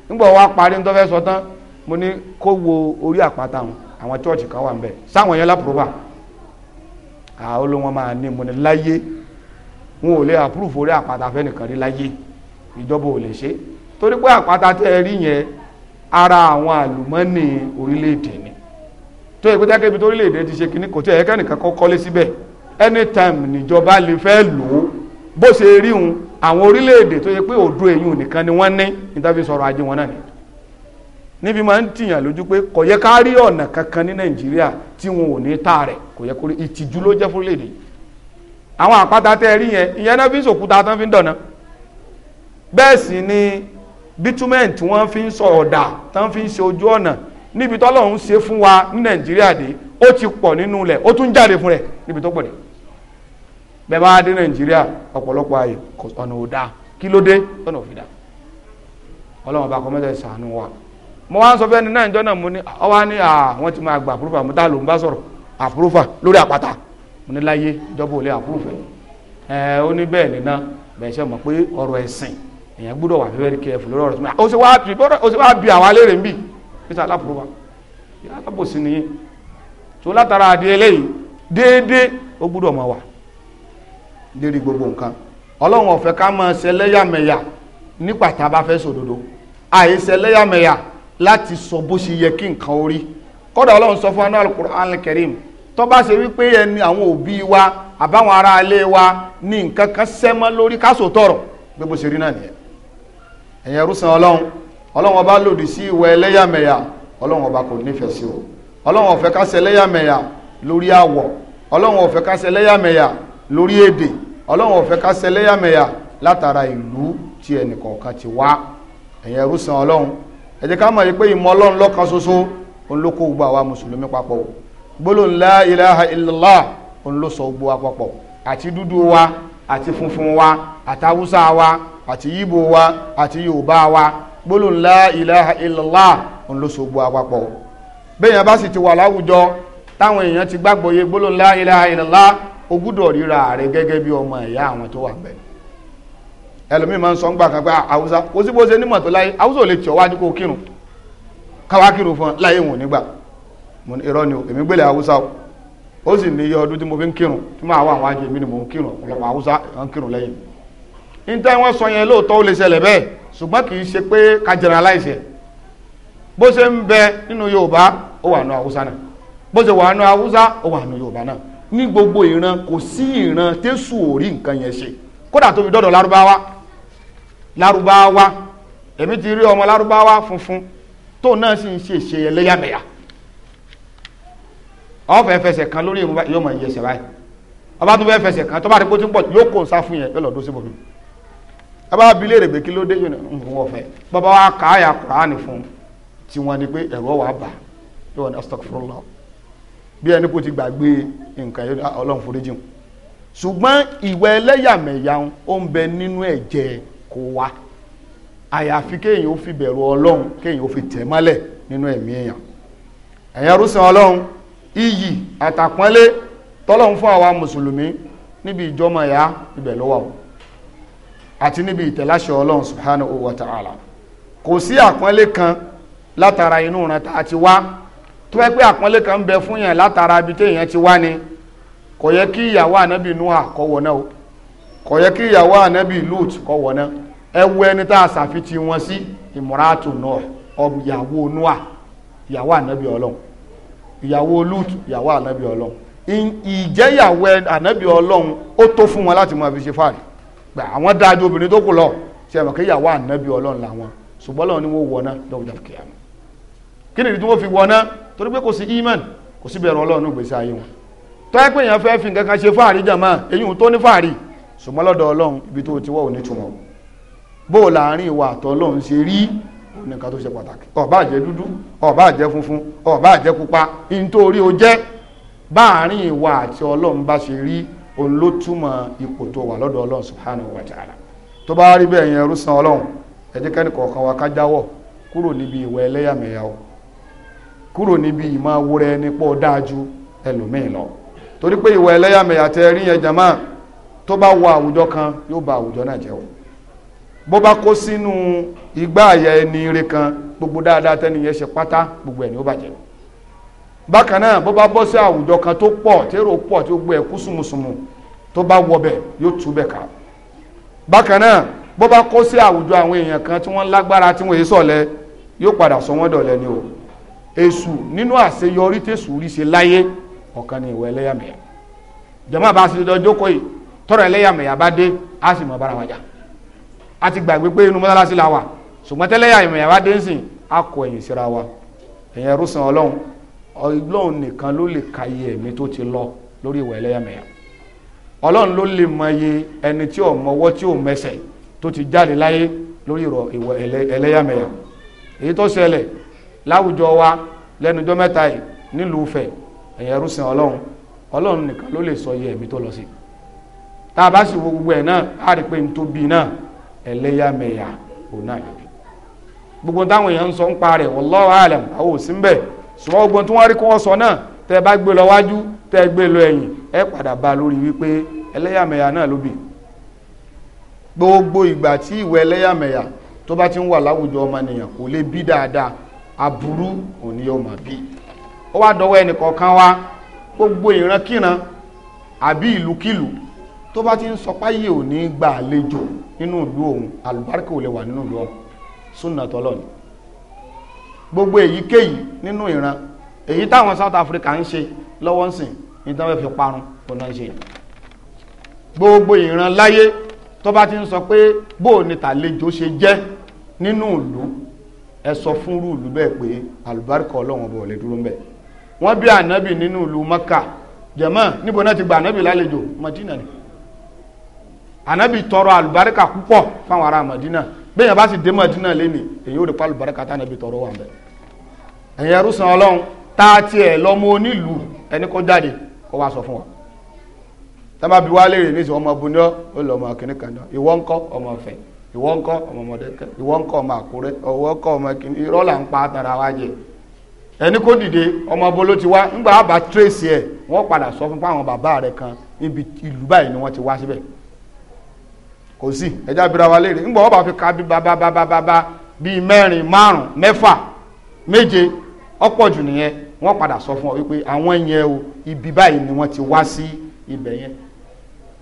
nígbà wa parí tó fẹ́ sọ tán mo ní kó wo orí àpáta wọn àwọn chọ́ọ̀chì kan wà ń bẹ̀ sáwọn yẹn lápòrọ́fà àwọn olóhùn máa ní mo ní láyé wọn ò lè àpúrùfò orí àpáta fẹ́nìkan rí láyé ìjọba ò lè ṣe torí pé àpáta tẹ́ ẹ rí yẹn ara àwọn àlùmọ́nì orílẹ̀-èdè ni tó yẹ kó jẹ́ kébi èdè ti ṣe kínní kò tí ẹ̀yẹ́kẹ́ nìkan kọ́ kọ́lé síbẹ̀ anytime níjọba lè fẹ́ lò ó bó ṣe rí hun àwọn orílẹ̀-èdè tó yẹ pé òdo èyí nìkan ni wọ́n ní níta fi sọ̀rọ̀ ajé wọn ni lójú pé kò yẹ ká rí ọ̀nà kankan ní nàìjíríà tí wọn ò ní rẹ̀ kò yẹ kó rí ìtìjú ló jẹ́ èdè àwọn àpáta rí yẹn ìyẹn fi sòkúta tán fi dọ̀nà bẹ́ẹ̀ sì ni bitumen tí wọ́n fi sọ ọ̀dà tán fi ṣe ojú ọ̀nà níbi tọ́lọ́run se fún wa ní nàìjíríà dé ó ti pọ̀ nínú ilẹ̀ ó tún jáde fún rẹ̀ níbi tó pọ̀ dé bẹ́ẹ̀ bá dé nàìjíríà ọ̀pọ̀lọpọ̀ ayé ọ̀nà ò dáa kí ló dé ọ̀nà òfin dáa ọlọ́run ọba kọ́mẹ́tẹ̀ wa mo wá ń sọ fẹ́ni náà ìjọ náà mo ní ọwá ní àwọn ti máa gba àpúrúfà mo dá ló ń bá sọ̀rọ̀ àpúrúfà lórí àpáta mo ní láyé ìjọba ò àpúrúfà ẹ ó ní bẹ́ẹ̀ bẹ́ẹ̀ ṣe peter alápùrúwà alábòsí nìyí tó látara àdé eléyìí déédéé ó gbúdọ̀ máa wà lérí gbogbo nǹkan ọlọ́run ọ̀fẹ́ ká máa ṣẹlẹ́yàmẹ̀yà nípa tá a bá fẹ́ sòdodo àìṣẹlẹ́yàmẹ̀yà láti sọ bó ṣe yẹ kí nǹkan orí kódà ọlọ́run sọ fún Al-Qur'an Al-Karim tó bá ṣe wípé ẹni àwọn òbí wa àbáwọn ará ilé wa ní nǹkan kan sẹ́mọ́ lórí ká gbogbo ṣe rí náà nìyẹn ẹ̀yẹn rúsan ọlọ́run ọlọ́run ọba lòdì sí ìwà ẹlẹ́yàmẹ̀yà ọlọ́run ọba kò nífẹ̀ẹ́ sí o ọlọ́run ọ̀fẹ́ ká ṣe ẹlẹ́yàmẹ̀yà lórí àwọ̀ ọlọ́run ọ̀fẹ́ ká ṣe ẹlẹ́yàmẹ̀yà lórí èdè ọlọ́run ọ̀fẹ́ ká ṣe ẹlẹ́yàmẹ̀yà látara ìlú tí ẹnìkọ̀ọ̀kan ti wá ẹ̀yẹ rúsan ọlọ́run ẹ jẹ́ ká mọ̀ pé ìmọ̀ ọlọ́run lọ́kan ṣoṣo òun ló kó la ilaha illallah òun ló sọ gbogbo wa papọ̀ àti dúdú wa àti funfun wa àtàwùsá wa gbólóhùn la ilaha illallah òun ló sògbó àpapọ̀ bẹ́ẹ̀ yẹn bá sì ti wà láwùjọ táwọn èèyàn ti gbàgbọ́ yé gbólóhùn la ríra rẹ gẹ́gẹ́ bí ọmọ ẹ̀yà àwọn tó wà ń bẹ̀ ẹlòmíì máa ń sọ ń gbà kan àwùsá ah, kò sí bó ṣe nímọ̀ tó láyé àwùsá ò lè tì ọ́ wájú kó kírun ó sì ní iye ọdún tí mo fi ń kírun tí máa wà àwọn ni mo ń kírun ọ̀pọ̀lọpọ̀ àwùsá ṣùgbọ́n kì í ṣe pé ka generalize ẹ̀ bó ṣe ń bẹ nínú yorùbá ó wà nù haúsá náà bó ṣe wà nù gbogbo ìran kò sí ìran tẹ́sù orí nǹkan yẹn ṣe kódà tóbi dọ́dọ̀ lárúbáwá lárúbáwá èmi ti rí ọmọ lárúbáwá funfun tóun náà sì ń ṣe ṣe ẹlẹ́yàmẹ̀yà kan lórí yóò báyìí ọba tó fẹ́ kan tó bá ti kó tí ń pọ̀ yóò kó bàbá abilé rẹ̀ pé kí ló dé yóò ní wọ́n fẹ́ bàbá wa kà á yà kùránì fún tí wọ́n ní pé ẹ̀rọ wà bà yóò ní astagfirullah bí ẹni kò ti gbàgbé nǹkan yóò ní ah, ọlọ́run foríjì wọn ṣùgbọ́n ìwà ẹlẹ́yàmẹ̀yà ó ń bẹ nínú ẹ̀jẹ̀ kó wa àyàfi kéèyàn ó fi bẹ̀rù ọlọ́run kéèyàn ó fi tẹ̀ mọ́lẹ̀ nínú ẹ̀mí èèyàn ẹ̀yàn rúṣin ọlọ́run iyì àtàpọ́nlé tọ́lọ́run fún àwa mùsùlùmí níbi ìjọmọ̀ ẹ̀yà ibẹ̀ ló wà àti níbi ìtẹ̀láṣẹ ọlọ́run subhanahu wa ta'ala kò sí àpọ́nlé kan látara inú ìran tá a ti wá tó yẹ pé àpọ́nlé kan ń bẹ fún yàn látara ibi téèyàn ti wá ni kò yẹ kí ìyàwó ànábì Nuha kọ́ wọ̀ náà o kò yẹ kí ìyàwó ànábì Lut kọ́ wọ̀ náà ẹ wo ẹni tá a ṣàfitì wọn sí ìmọ̀ràtò náà ọmọ ìyàwó Nuha ìyàwó ànábì ọlọ́run ìyàwó Lut ìyàwó ànábì ọlọ́run ìjẹ́yàwó ànábì ọlọ́run ó tó fún wọn láti máa fi ṣe pé àwọn dájú obìnrin tó kù lọ ṣe mọ̀ kéyàwó ànábì ọlọ́run làwọn ṣùgbọ́n lọ́wọ́ ni wọ́n wọ̀ náà lọ́wọ́ jàpùkì àmì kí ni tí wọ́n fi wọ̀ náà torí pé kò sí iman kò sí bẹ̀rù ọlọ́run gbèsè ayé wọn tó ẹ́ pé èèyàn fẹ́ fi nǹkan kan ṣe fáàrí jàmá èyí tó ní fáàrí ṣùgbọ́n lọ́dọ̀ ọlọ́run ibi tó ti wọ́ ò ní túmọ̀ bó o láàrin ìwà àtọ́ ọlọ́run ṣe rí nǹkan òun ló túmọ̀ ipò tó wà lọ́dọ̀ ọlọ́run subhanahu wa ta'ala tó bá rí bẹ́ẹ̀ yẹn rúsan ọlọ́run ẹ kẹ́ni kọ̀ọ̀kan wa ká jáwọ́ kúrò níbi ìwà ẹlẹ́yàmẹ̀yà o kúrò níbi ìmọ̀ awúrẹ́ ẹni dáájú ẹlòmíì lọ torí pé ẹlẹ́yàmẹ̀yà tẹ rí yẹn jama tó bá wọ kan yóò ba àwùjọ náà jẹ́ o bó bá kó sínú igbá àyà ẹni kan gbogbo dáadáa ṣe pátá gbogbo ni ó bákan náà bó bá bọ́ sí àwùjọ kan tó pọ̀ tèrò pọ̀ tí ó gbé ẹ̀kú sùmùsùmù tó bá wọbẹ̀ yóò tú bẹ̀ ká bákan náà bó bá kó sí àwùjọ àwọn èèyàn kan tí wọ́n lágbára tí wọ́n yé sọ̀lẹ̀ yóò padà sọ wọ́n dọ̀lẹ́ ni o èṣù nínú àṣeyọrí tèṣù rí ṣe láyé ọ̀kan ni ìwà ẹlẹ́yàmẹ̀yà jọmọ́ bá ṣe dọjọ́ kó yìí tọrọ ẹlẹ́yàmẹ̀yà bá dé á sì mọ̀ bára wájà a ti gbàgbé pé inú mọ́tálásí la wà ṣùgbọ́n tẹ́lẹ́yàmẹ̀yà bá dé ń sìn á kọ ẹ̀yìn síra wa ẹ̀yìn ẹrú sàn ọlọ́run ọlọ́run nìkan ló lè ka iye ẹ̀mí tó ti lọ lórí ìwà ẹlẹ́yàmẹ̀yà ọlọ́run ló lè mọ iye ẹni tí ò mọwọ́ tí ò mẹsẹ̀ tó ti jáde láyé lórí ìwà ẹlẹ́yàmẹ̀yà èyí tó ṣẹlẹ̀ láwùjọ wa lẹ́nujọ́ mẹ́ta yìí nílùú Ifẹ̀ ẹ̀yẹrú sin ọlọ́run ọlọ́run nìkan ló lè sọ iye ẹ̀mí tó lọ sí tá a bá sì wo gbogbo ẹ̀ náà á pé n tó bí náà ẹlẹ́yàmẹ̀yà òun náà gbogbo táwọn èèyàn ń sọ ń pa rẹ̀ wallahu alam àwọn ò sí ń bẹ́ẹ̀ ṣùgbọ́n gbogbo tí wọ́n rí kí wọ́n sọ náà tẹ́ bá gbé lọ wájú tẹ́ gbé lọ ẹ̀yìn ẹ padà bá lórí wípé ẹlẹ́yàmẹ̀yà náà ló bì gbogbo ìgbà tí ìwẹ̀ ẹlẹ́yàmẹ̀yà tó bá ti ń wà láwùjọ ọmọnìyàn kò lè bí dáadáa aburú òní yóò máa bí ó wá dọwọ́ ẹnìkọ̀ọ̀kan wa gbogbo ìrankíran àbí ìlúkìlù tó bá ti ń sọ páyé òní gba àlejò nínú ìlú òun àlùbáríkà ò lè wà nínú ìlú ọ̀hún súnà tọ́lọ́ ni gbogbo èyíkéyìí nínú ìran èyí táwọn South Africa ń ṣe lọ́wọ́ ń sìn ní tí wọ́n fi parun kò náà ṣe gbogbo ìran láyé tó bá ti ń sọ pé bóò ni tàlejò ṣe jẹ́ nínú ìlú ẹ sọ fún irú ìlú bẹ́ẹ̀ pé àlùbáríkà ọlọ́wọ́n bọ̀ lè dúró ń bẹ̀ wọ́n bí ànábì nínú ìlú Mẹ́kà jẹ̀mọ́ níbo náà ti gba ànábì lálejò Madina ni ànábì tọrọ àlùbáríkà púpọ̀ fáwọn ará Madina bẹ́ẹ̀ yẹn bá sì dé Madina lẹ́nu èyí ò rí pa àlùbáríkà tá ànábì tọrọ wà ń bẹ̀ ẹ̀yin ẹrúsàn ọlọ́run tá a lọ́mọ onílùú ẹni sọ fún wa wá léèrè ní ìsìn ọmọ ó lọ ọmọ kìnnì kan náà ọmọ ọ̀fẹ́ ọmọ ọmọ àkúrẹ́ ọmọ ń pa tara jẹ ẹni kó dìde ọmọ ló ti wá ńgbà tírèsì padà sọ fún fáwọn bàbá rẹ kan níbi ìlú báyìí ni wọ́n ti wá síbẹ̀ wa léèrè ńgbà wọ́n bá fi ka ọ̀pọ̀ jù nìyẹn wọ́n padà sọ fún ọ wípé àwọn yẹn o ibi báyìí ni wọ́n ti wá sí ibẹ̀ yẹn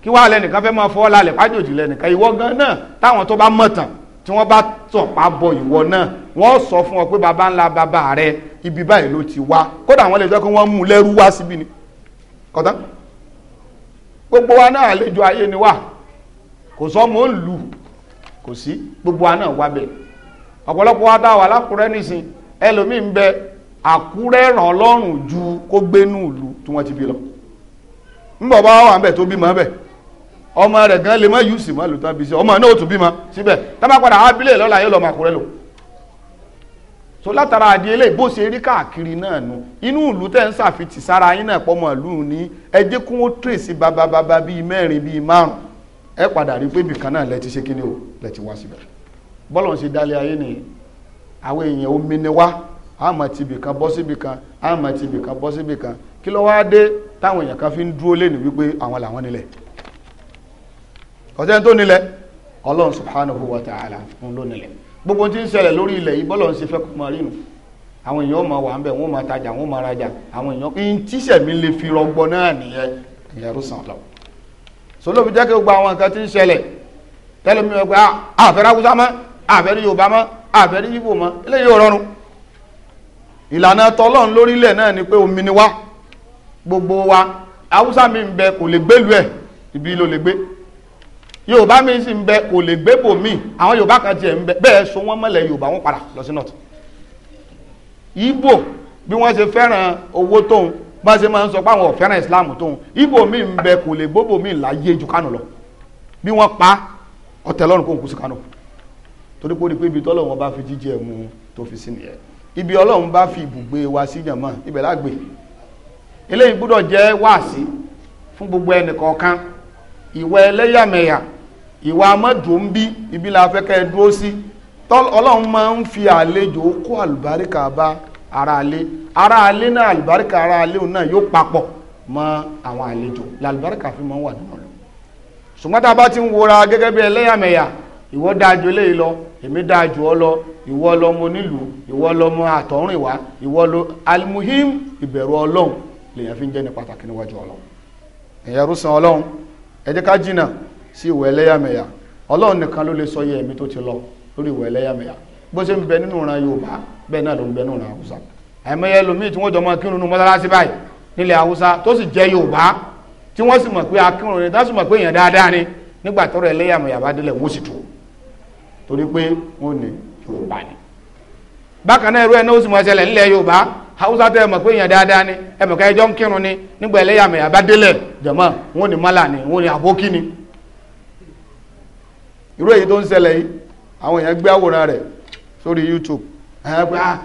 kí wàá lẹ́nìkan fẹ́ máa fọ́ lálẹ́ pàjòjì lẹ́nìkan ìwọ gan náà táwọn tó bá mọ̀tàn tí wọ́n bá tàn pa ìwọ náà wọ́n sọ fún ọ pé baba ńlá baba rẹ ibi báyìí ló ti wá kódà wọ́n lè jẹ́ kí wọ́n mú lẹ́rú wá síbi ni gbogbo wa náà àlejò ayé ni wà kò sọ́mọ ń lù kò sí gbogbo wa náà wá bẹ̀ ọ̀pọ̀lọpọ̀ wa dá wà lákùrẹ́ nísìn ẹlòmíì ń bẹ àkúrẹ́ ràn ju kó gbénú ìlú tí wọ́n ti bí lọ ńbọ̀ bá wà tó bímọ bẹ̀ ọmọ rẹ̀ gan lè mọ́ yìí mọ́ ọmọ náà ó tún bímọ síbẹ̀ tábà padà lọ́la yóò so látara bó ṣe rí káàkiri náà inú ìlú tẹ́ ń ṣàfitì sára yín náà pọ́mọ ìlú ní bíi mẹ́rin padà rí pé ibìkan náà lẹ ti ṣe kíni o lẹ ti wá síbẹ̀ bọ́lọ̀ ń ṣe ayé àmọ́ tibì kan bọ́ síbì kan àmọ́ tibì kan bọ́ síbì kan kí ló wá dé táwọn èèyàn kan fi ń dúró lé ní wípé àwọn làwọn nílẹ̀ kọ̀sẹ́ tó nílẹ̀ ọlọ́run subhanahu wa ta'ala fún ló nílẹ̀ gbogbo tí ń ṣẹlẹ̀ lórí ilẹ̀ yìí bọ́lọ̀ ń ṣe fẹ́ kó máa rínu àwọn èèyàn máa wà ń bẹ̀ wọ́n máa tajà wọ́n máa rajà àwọn èèyàn ń tíṣẹ̀mí lè fi rọgbọ náà nìyẹn ìyẹn rúṣàn lọ sọlọ́bi jẹ́ kí gbogbo àwọn nǹkan tí ń ṣẹlẹ̀ tẹ́lẹ̀ mi wọ́n pé àfẹ́rẹ́ haúsá mọ́ àfẹ́rẹ́ yorùbá mọ́ àfẹ́rẹ́ yíbò mọ́ eléyìí ò rọrùn ìlànà tọlọ́run lórílẹ̀ náà ni pé omi ni wá gbogbo wa haúsá mi ń bẹ kò lè gbélú ẹ̀ ibi ló lè gbé yorùbá mi sì ń bẹ kò lè gbé bò mí àwọn yorùbá kan tiẹ̀ ń bẹ bẹ́ẹ̀ so wọ́n mọ̀lẹ̀ yorùbá wọn padà lọ sí north ibo bí wọ́n ṣe fẹ́ràn owó tóun bá ṣe máa ń sọ pé àwọn ò islam tóun ibo mi ń bẹ kò lè gbóbò mí láyé ju kánò lọ bí wọ́n pa ọ̀tẹ̀lọ́run kò ń kú sí kánò torí pé ó rí pé ibi tọ́lọ̀ wọn bá fi jíjẹ mu tó fi sí nìyẹn ibi ọlọ́run bá fi ibùgbé wa sí jàmọ́ ibẹ̀ lágbè eléyìí gbọ́dọ̀ jẹ́ wáàsí fún gbogbo ẹnìkọ̀ọ̀kan ìwà ẹlẹ́yàmẹ̀yà ìwà amọ́dùnbí ibi la fẹ́ kẹ́ ẹ dúró sí ọlọ́run máa ń fi àlejò kó àlùbáríkà bá ara alé ara alé náà àlùbáríkà ara alé òun náà yóò papọ̀ mọ́ àwọn àlejò làlùbáríkà fi máa ń wà nínú lọ ṣùgbọ́n tá a bá ti ń wora gẹ́gẹ́ bí ẹlẹ́yàmẹ̀yà ìwọ dáa eléyìí lọ èmi dáa jù ọ lọ ìwọ lọmọ nílùú ìwọ lọmọ àtọ̀rìn wá ìwọ lọ alimuhim ìbẹ̀rù ọlọ́run lèyàn fi ń jẹ́ ní pàtàkì níwájú ọlọ́run èyàn rúsan ọlọ́run ẹ jẹ́ ká jìnà sí ìwà ẹlẹ́yàmẹ̀yà ọlọ́run nìkan ló lè sọ iye ẹ̀mí tó ti lọ lórí ìwà ẹlẹ́yàmẹ̀yà bó ṣe ń bẹ nínú ìran yorùbá bẹ́ẹ̀ náà ló ń bẹ nínú ìran haúsá àìmọye ẹlòmíì tí wọ́n jọ máa kírun nínú mọ́sálásí báyìí nílẹ̀ haúsá tó sì jẹ́ yorùbá tí wọ́n sì mọ̀ pé akírun ni tá sì mọ̀ pé èèyàn dáadáa ni nígbà tọ́rọ̀ ẹlẹ́yàmẹ̀yà bá délẹ̀ wọ́n sì tù torí pé wọ́n ní yorùbá ni bákan náà irú ẹ̀ náà ó sì mọ ẹsẹ̀lẹ̀ ńlẹ̀ yorùbá hausa tẹ́ ẹ mọ̀ pé èèyàn dáadáa ni ẹ mọ̀ ká ẹjọ́ ń kírun ni nígbà ẹlẹ́yàmẹ̀yà bá délẹ̀ jọ̀mọ́ wọ́n ní mọ́là ni wọ́n ní àbókí ni irú èyí tó ń ṣẹlẹ̀ yìí àwọn èèyàn gbé àwòrán rẹ̀ sórí youtube ẹwọ ah,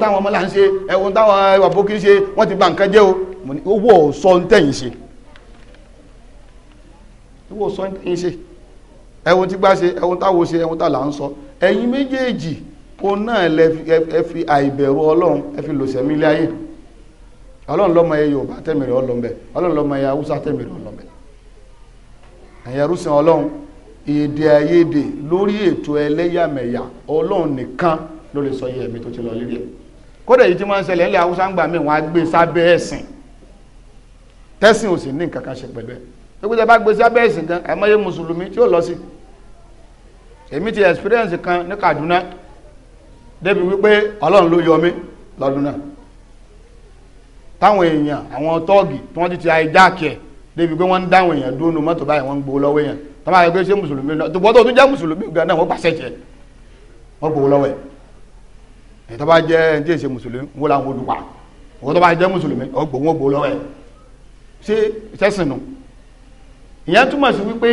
táwọn ọmọlá ń ṣe ẹwọ táwọn àbókí ṣe wọ́n ti bà nǹkan jẹ́ o owó ọ̀sọ́ ń tẹ̀yìn ṣe owó ọ̀sọ́ ń tẹ̀yìn ṣe ẹ̀wọ̀n tí gbá ṣe ẹ̀wọ̀n táwo ṣe ẹ̀wọ̀n tá là ń sọ ẹ̀yin méjèèjì òun náà ẹ fi àìbẹ̀rù ọlọ́run ẹ fi lòsẹ̀mí ilé ayé ọlọ́run lọ́mọ ẹyẹ yorùbá tẹ̀mẹ̀rẹ̀ ọlọ́mbẹ ọlọ́run lọ́mọ ẹyẹ haúsá tẹ̀mẹ̀rẹ̀ ọlọ́mbẹ ẹ̀yẹ rúṣin ọlọ́run èdè àìyedè lórí ètò ẹlẹ́yàmẹ̀yà ọlọ́run nìkan ló lè sọ iye ẹ̀mí tó ti lọ lérí ẹ̀ kódà èyí tí wọ́n ń ṣẹlẹ̀ ńlẹ̀ haúsá ń gbà mí wọ́n á gbé sábẹ́ ẹ̀sìn tẹ́sìn ò sì ní nǹkan kan ṣe pẹ̀lú ẹ̀ pé pé tẹ́ bá gbé sábẹ́ ẹ̀sìn gan àmọ́yé mùsùlùmí tí ó lọ sí i èmi ti experience kan ní Kaduna débi wípé Ọlọ́run ló yọ mí lọ́dún náà táwọn èèyàn àwọn tọ́ọ̀gì tí wọ́n ti ti hijack ẹ̀ débi pé wọ́n ń dáwọn èèyàn dúró nu mọ́tò báyìí wọ́n ń gbowó lọ́wọ́ èèyàn tó máa yẹ pé ṣé mùsùlùmí náà tó bọ́tò tó jẹ́ mùsùlùmí gan náà wọ́n pàṣẹ jẹ wọ́n gbowó lọ́wọ́ ẹ̀ ẹ̀ tó bá jẹ́ ẹni tí èsè mùsùlùmí wọ́n làwọn olùpà wọ́n tó bá jẹ́ mùsùlùmí wọ́n gbowó lọ́wọ́ ẹ̀ ṣé sẹ́sìn nù ìyẹn túmọ̀ sí wípé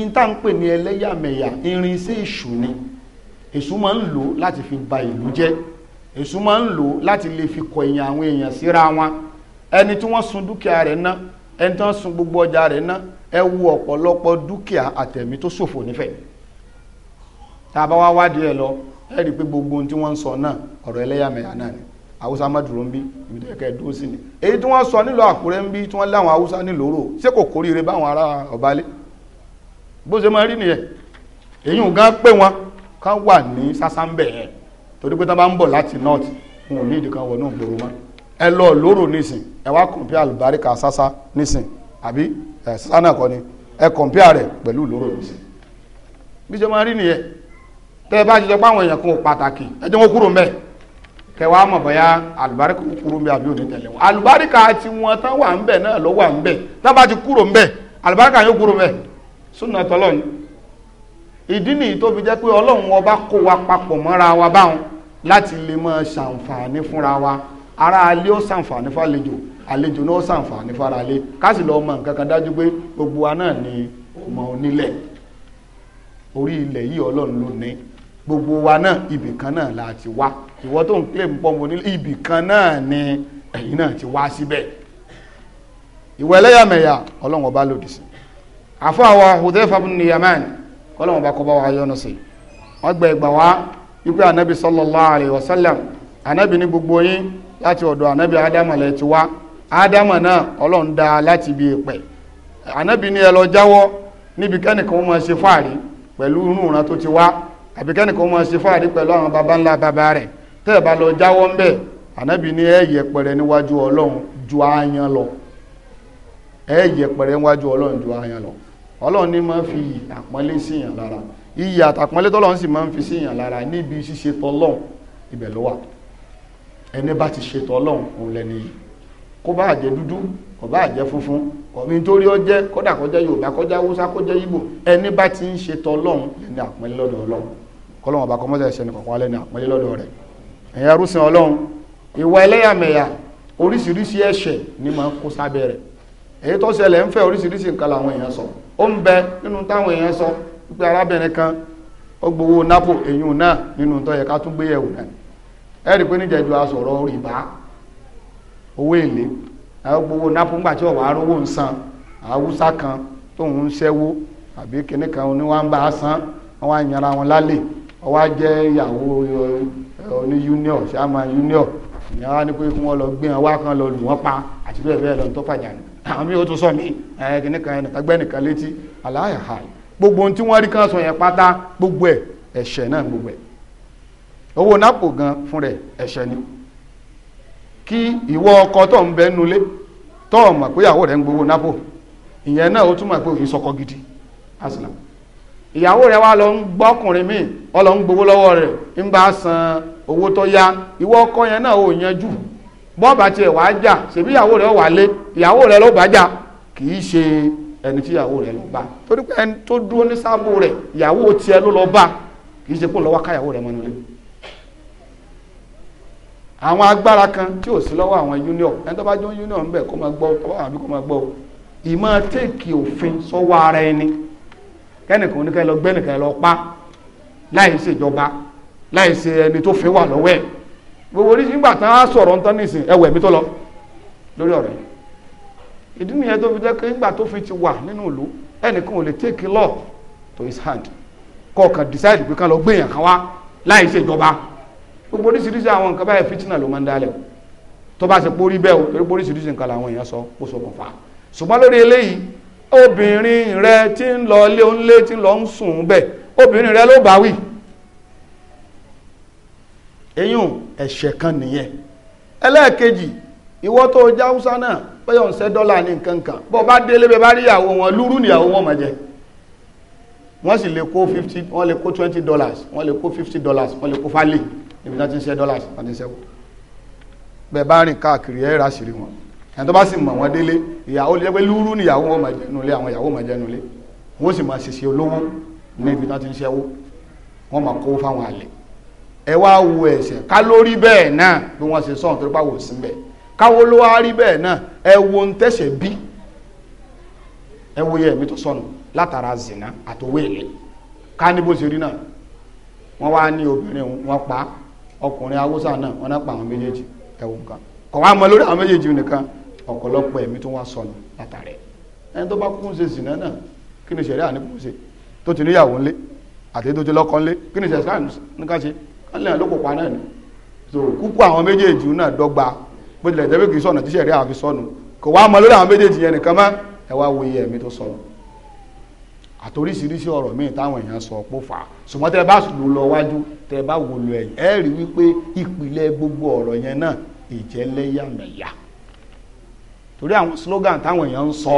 in tá ń pè ní ẹlẹ́yàmẹ̀yà irinṣẹ́ èṣù ni èṣù máa ń lò láti fi ba ìlú jẹ́ èṣù máa ń lò láti lè fi kọ èèyàn àwọn èèyàn síra wọn ẹni tí wọ́n sun dúkìá rẹ̀ ná ẹni tí wọ́n sun gbogbo ọjà rẹ̀ ná ẹ wu ọ̀pọ̀lọpọ̀ dúkìá àtẹ̀mí tó ṣòfò nífẹ̀ẹ́ tá a bá wá wádìí ẹ lọ ẹ rí i pé gbogbo ohun tí wọ́n ń sọ náà ọ̀rọ̀ ẹlẹ́yàmẹ̀yà náà ni haúsá má dúró ń bí ìbílẹ̀kẹ́ dúró sí ni èyí tí wọ́n sọ nílò Àkúrẹ́ ń bí tí wọ́n láwọn haúsá nílòrò ṣé kò kórìíre báwọn ará Ọ̀bálé bó ṣe máa rí nìyẹn èyí ò gán wọn ká wà ní sásámbẹ̀ yẹn torí pé tá bá ń láti north wọn ò ní ìdí kan wọnú ẹ lọ lóró nísìn ẹ wá àbí ẹ sásá náà ni ẹ kọ̀ǹpíà rẹ̀ pẹ̀lú lóró nísìn bí ṣe máa rí nìyẹn tẹ́ bá ṣe sọ pé àwọn èèyàn kan pàtàkì ẹ jẹ́ wọn kúrò mẹ́ẹ̀ kẹwàá kúrò àbí òní wọn wà náà wà bá ti kúrò súnà tọ́lọ́run ìdí nìyí tó fi jẹ́ pé ọlọ́run ọba kó wa papọ̀ mọ́ra wa báwọn láti lè máa ṣàǹfààní fúnra wa ara alé ó ṣàǹfààní fàlejò àlejò náà ó ṣàǹfààní fara alé káàsì lọ mọ nǹkan kan dájú pé gbogbo wa náà ni ọmọ onílẹ̀ orí ilẹ̀ yìí ọlọ́run ló ní gbogbo wa náà ibì kan náà la ti wá ìwọ tó ń pè pọ́ mo nílẹ̀ ibì kan náà ni ẹ̀yin náà ti wá síbẹ̀ ìwọ ẹlẹ́yàmẹ̀yà ọlọ́run ọba lòdì sí i àfọwọ́ Hudhayfa ibn Yaman kọ́lọ́mù bá kọ́ bá wa yọ́nu sí wọ́n gbẹ ìgbà wá wípé anabi sallallahu alayhi wa sallam anabi ní gbogbo yín láti ọ̀dọ̀ anabi adama lẹ ti wá adama náà ọlọ́run dá láti ibi ìpẹ́ anabi ní ẹ lọ jáwọ́ níbi kẹ́nìkan máa ṣe fáàrí pẹ̀lú ìran tó ti wá àbí kẹ́nìkan máa ṣe fáàrí pẹ̀lú àwọn baba ńlá baba rẹ̀ tẹ́ ẹ bá lọ jáwọ́ ńbẹ̀ anabi ní ẹ yẹpẹrẹ níwájú ọlọ́run ju ayan lọ ẹ yẹpẹrẹ níwájú ọlọ́run ju ayan lọ ọlọ́run ní máa fi àpọ́nlé síyàn lára iyì àtàpọ́nlé tọ́lọ́run sì máa ń fi síyàn lára níbi ṣíṣe tọ́lọ́run ibẹ̀ ló wà ẹni bá ti ṣe tọ́lọ́run òun lẹ́ni yìí kó bá àjẹ́ dúdú kó bá àjẹ́ funfun ọ̀mí torí ó jẹ́ kódà kó jẹ́ Yorùbá kó jẹ́ Haúsá kó jẹ́ Ìgbò ẹni bá ti ń ṣe tọ́lọ́run ẹni àpọ́nlé lọ́dọ̀ ọlọ́run kọ́lọ́run ọba kọ́mọ́sẹ̀ ṣẹ́ni kọ̀ọ̀kan lẹ́ni àpọ́nlé lọ́dọ̀ rẹ̀ ẹ̀yà rúsìn ọlọ́run ìwà ẹlẹ́yàmẹ̀yà oríṣiríṣi ẹ̀ṣẹ̀ rẹ̀ èyí tó ṣẹlẹ̀ ń fẹ́ oríṣiríṣi nǹkan làwọn èèyàn sọ ó ń bẹ nínú táwọn èèyàn sọ pé arábìnrin kan ó gbowó nápò èyí náà nínú tó yẹ ká tún gbé yẹ̀wò náà ẹ rí i pé níjẹ̀jú asọ̀rọ̀ rìbá owó èlé àwọn gbowó nápò ńgbà tí ọ̀wá arówó ń san haúsá kan tóun ń ṣẹ́wó àbí kinní kan ni wọ́n bá a san wọ́n wá yanra wọn lálẹ́ wọ́n jẹ́ ìyàwó ní union ṣáà union ìyàwó á ní pé kí wọ́n lọ gbé wọn wá kan lọ lù wọ́n pa àti bẹ́ẹ̀ bẹ́ẹ̀ lọ tó fàjà nù àwọn yóò tún sọ mí ẹ̀ kìnnìkan ẹnìkan nìkan létí aláyà ha gbogbo ohun tí wọ́n rí kan sọ yẹn pátá gbogbo ẹ̀ ẹ̀ṣẹ̀ náà gbogbo ẹ̀ owó nápò gan fún rẹ̀ ẹ̀ṣẹ̀ ni kí ìwọ ọkọ tó ń bẹ nulẹ̀ tó mọ̀ pé ìyàwó rẹ̀ ń gbowó nápò ìyẹn náà ó pé sọkọ gidi aslam ìyàwó rẹ̀ lọ ń gbọ́kùnrin míì lọ ń gbowó lọ́wọ́ san owó tó yá ìwọ ọkọ yẹn náà bọ́ọ̀bà tiẹ̀ wàá jà ṣèbí ìyàwó rẹ̀ wà lé ìyàwó rẹ̀ ló bá jà kì í ṣe ẹni tí ìyàwó rẹ̀ ló bá torí pé ẹni tó dúró ní sáàbù rẹ̀ ìyàwó tiẹ̀ ló lọ bá kì í ṣe pé lọ́wọ́ káyàwó rẹ̀ mọ́nú rẹ̀ àwọn agbára kan tí ò sí lọ́wọ́ àwọn union ẹni tó bá jọ union ń bẹ̀ kó máa gbọ́ àbí kó máa gbọ́ ìmọ̀ téèkì òfin sọ́wọ́ ara ẹni kẹ́nìkan oníkẹ́ lọ gbẹ́nìkan lọ pa láì ṣèjọba láì ṣe ẹni tó fi wà lọ́wọ́ ẹ̀ gbogbo oríṣi nígbà tán á sọ̀rọ̀ ń tán nísìn ẹwẹ̀ mi tó lọ lórí ọ̀rẹ́ ìdí nìyẹn tó fi jẹ́ pé nígbà tó fi ti wà nínú ìlú ẹnìkan ò lè take law to his hand kọ̀ọ̀kan decide pé kán lọ gbéyàn kan wá láì ṣe ìjọba gbogbo oríṣiríṣi àwọn nǹkan báyìí fìtínà ló máa ń dálẹ̀ tó bá ṣe pórí bẹ́ẹ̀ o torí oríṣiríṣi nǹkan làwọn èèyàn sọ kó so kàn fà á ṣùgbọ́n lórí eléyìí obìnrin rẹ ti ń lọ ilé onílé ti ń lọ ń sùn bẹ́ẹ̀ obìnrin rẹ ló bá wí eyín ẹ̀ṣẹ̀ kan nìyẹn ẹlẹ́ẹ̀kejì ìwọ tó já húsá náà pẹ́yọ̀ ń ṣẹ́ dọ́là ní nǹkan kan bọ́ bá délé bẹ́ẹ̀ bá rí ìyàwó wọn lúrú níyàwó wọn máa wọ́n sì lè kó fifty wọ́n lè kó twenty dollars wọ́n lè kó fifty dollars wọ́n lè kó fálì níbi náà ti ń ṣẹ́ dollars wọ́n ti ń ṣẹ́wọ́ bẹ́ẹ̀ bá rìn káàkiri ẹ̀ rà sírí wọn ẹni tó bá sì mọ̀ wọ́n délé ìyàwó lè pé lúrú níyàwó wọn máa nulẹ̀ àwọn ìyàwó máa nulẹ̀ wọ́n sì máa ṣèṣe olówó níbi náà ti ń ṣẹ́wọ́ wọ́n máa kó fáwọn àlè ẹ wá wo ẹ̀ṣẹ̀ ká ló rí bẹ́ẹ̀ náà bí wọ́n ṣe sọ̀rọ̀ torí pàwọ̀ sí bẹ́ẹ̀ káwo ló wá rí bẹ́ẹ̀ náà ẹ wo ń tẹ̀ṣẹ̀ bí ẹ wo yẹ ẹ̀mí tó sọnù látara zina àtòwé ilẹ̀ ká ní bó ṣe rí náà wọ́n wá ní obìnrin wọn pa ọkùnrin haúsá náà wọ́n náà pa àwọn méjèèjì ẹ wo nǹkan kọ̀ wá mọ lórí àwọn méjèèjì nìkan ọ̀pọ̀lọpọ̀ ẹ̀mí tó wá sọnù látara ẹ̀ ẹni tó bá kún ṣe zina náà kí ni ṣẹ̀rí àníkún ṣe tó ti níyàwó ńlé àti tó ti lọ́kọ kí ni ṣẹ̀rí wọ́n lè lóko pa náà ni so kúkú àwọn méjèèjì náà dọ́gba bó tilẹ̀ jẹ́ pé kì í sọ̀nà tíṣẹ̀rí àwọn fi sọnù kò wá mọ lórí àwọn méjèèjì yẹn nìkan mọ́ ẹ wá wo iye ẹ̀mí tó sọnù àtoríṣiríṣi ọ̀rọ̀ míì táwọn èèyàn sọ pó fà á ṣùgbọ́n tẹ bá lò lọ wájú tẹ bá wò lọ ẹ̀yìn ẹ rí wípé ìpìlẹ̀ gbogbo ọ̀rọ̀ yẹn náà ìjẹ́lẹ́yàmẹ̀yà torí àwọn slogan táwọn èèyàn ń sọ